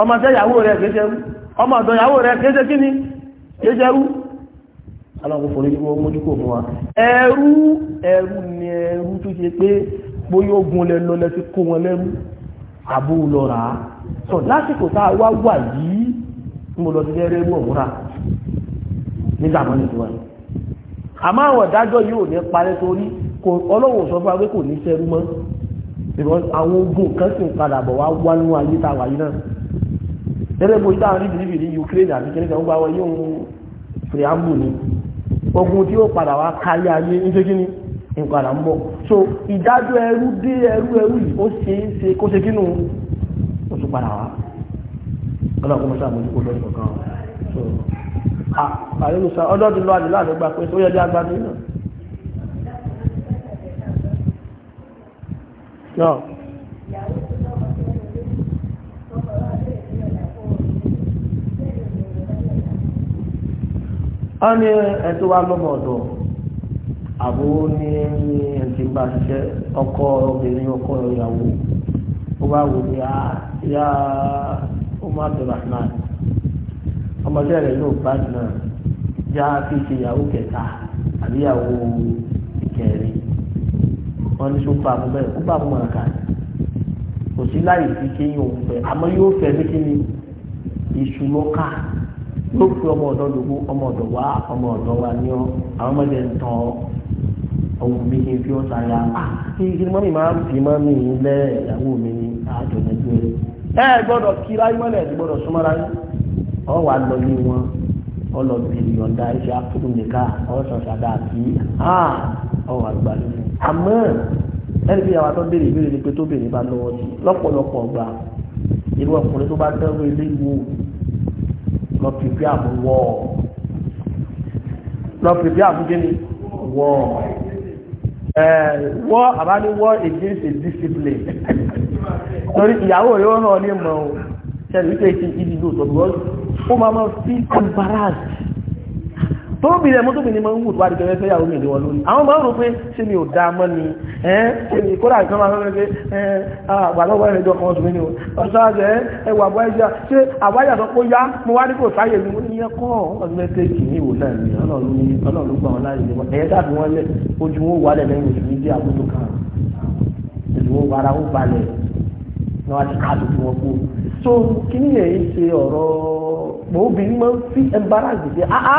S2: ọmọ ẹṣẹ́ yàwó rẹ̀ kìí ṣẹrú ọmọ ọ̀dọ̀ yàwó rẹ̀ kìí ṣe kíni kìí ṣẹrú aláwọ̀ fòrí ní wọ́n mójúkò fún wa ẹrú ẹrú ni ẹrú tó ṣe pé bóyá ogun lẹ lọ lẹ ti kó wọn lẹ́rú àbó lọ rà á sọ lásìkò tá a wá wà yìí mo lọ sí ẹrẹ ẹrú ọ̀hún rà nígbà mọ́ nìkan wa àmọ́ àwọn ìdájọ́ yìí ò ní parẹ́ torí ọlọ́wọ́ sọ fún wa pé kò ní sẹ́rú mọ́ àwọn ogun kan sì ń padà bọ̀ wá wá nínú ayé tá a wà yìí náà eré mo dáhùn ní bìrìbìrì Ukraine àti kìnìkan gbà wọ yóò preamble ni ogun tí ó padà wá kárí ayé ní ṣékí ni ìpadà ń bọ̀ so ìdájọ́ ẹrú dé ẹrú ẹrú yìí ó ṣe é ṣe kó ṣe kínú ó tún padà wá ọlọ́run mọ́ṣá mo ní kó lọ́dún kan so àlejò sá ọdọ́ ti lọ àdìlá àdọ́gba pé ó yẹ dé agbádùn náà. wọ́n ní ẹtí wa lọ́mọ ọ̀dọ̀ àbò ní ẹtí bá ṣiṣẹ́ ọkọ obìnrin ọkọ ìyàwó ó bá wò ní ya Umar Abdulrahman ọmọdé rẹ̀ ló bá náà já fi ṣe ìyàwó kẹta àbí ìyàwó ìkẹrin wọ́n ní sọ́kọ́ àmúbẹ̀ ó bá mú ọ̀rọ̀ kò sí láì fi kéyìn òun fẹ́ àmọ́ yóò fẹ́ ní kíni ìṣúná káà. yóò fi ọmọ ọ̀dọ́ ọmọ ọ̀dọ́ wá ọmọ ọ̀dọ́ wa ni ọ àwọn ọmọdé ń tọ ọmọ mi kì í fi ọ̀sà ya ah, kí kí mọ́mí máa ń fi mọ́mí ìyàwó mi ní àjọ ẹ gbọdọ kíra ẹ ọ wà lọ ọ lọ bìrì ọ sàdá àti ọ wà gbà lónìí àmọ́ ẹni bí àwọn ìbéèrè ni pé bá lọ́wọ́ sí lọ́pọ̀lọpọ̀ gbà irú ọkùnrin tó lọ pèpè àmú wọ lọ pèpè àmú gíní wọ ẹ wọ àbá ní wọ against a discipline lórí ìyàwó yóò hàn ní mọ o ṣẹlẹ̀ wípé kí ìdí lóòótọ́ bí wọ́n ó máa máa feel embarrassed tó bìrẹ̀ mọ́ tó bìrẹ̀ mọ́ ń wù tó wá dìgbẹ́ fẹ́ yàwó mìíràn lórí àwọn máa ń rò pé ṣé mi ò dá mọ́ ni ṣé mi kódà nǹkan máa fẹ́ pé àgbàlọ́wọ́ ẹ̀rẹ́jọ kan oṣù mi ni ti ká lójú wọn so kí ni èyí ṣe ọ̀rọ̀ mọ́ obìnrin máa ń fi embarrass dé áá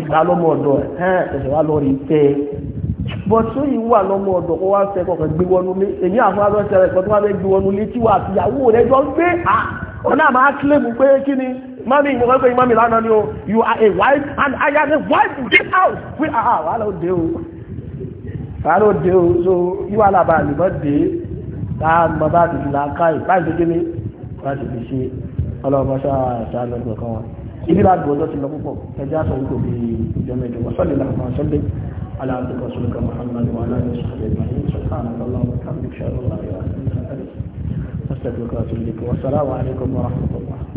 S2: ìgbà lọ́mọ ọ̀dọ̀ ẹ̀ ẹ̀sẹ̀ wa lọ rí tẹ́ ẹ bọ́ tí ó yìí wà lọ́mọ ọ̀dọ̀ kó wá fẹ́ kọ̀ọ̀kan gbé wọnú lé èmi àwọn abẹ́sẹ̀ rẹ̀ kọ́tún wá fẹ́ gbé wọnú lé tí wà àti ìyàwó rẹ̀ jọ ń gbé à wọn náà máa pé kí ni mami mo fẹ́ pé mami lánàá ni o you are a wife and I am a wife get out pé àhà ah, wàhálà òde o wàhálà òde o so yíwá làbà àlùbọ̀ dé tá a mọ bá ti fi làákàyè báyìí tó kí ni bá ti fi ṣe ọlọ́mọṣẹ́ àṣà lọ́dún kan wọn ibi láti ọjọ́ ti lọ púpọ̀ ẹjá sọ wípé bí ìjọ mẹ́jọ wọ́n sọ́lẹ̀ láàrín ṣẹ́lẹ̀ aláàbùkọ̀ sọ́lẹ̀kọ̀ muhammadu wa aláàrín sọ́lẹ̀ ìgbàlẹ̀ sọ́lẹ̀ aláàbùkọ̀ sọ́lẹ̀ ìgbàlẹ̀ sọ́lẹ̀ ìgbàlẹ̀ sọ́lẹ̀ ìgbàlẹ̀ sọ́lẹ̀ ìgbàlẹ̀ sọ́lẹ̀ ìgbàlẹ̀ sọ́lẹ̀ ìgbàlẹ̀ sọ́lẹ̀ ìgbàlẹ̀
S1: sọ́lẹ̀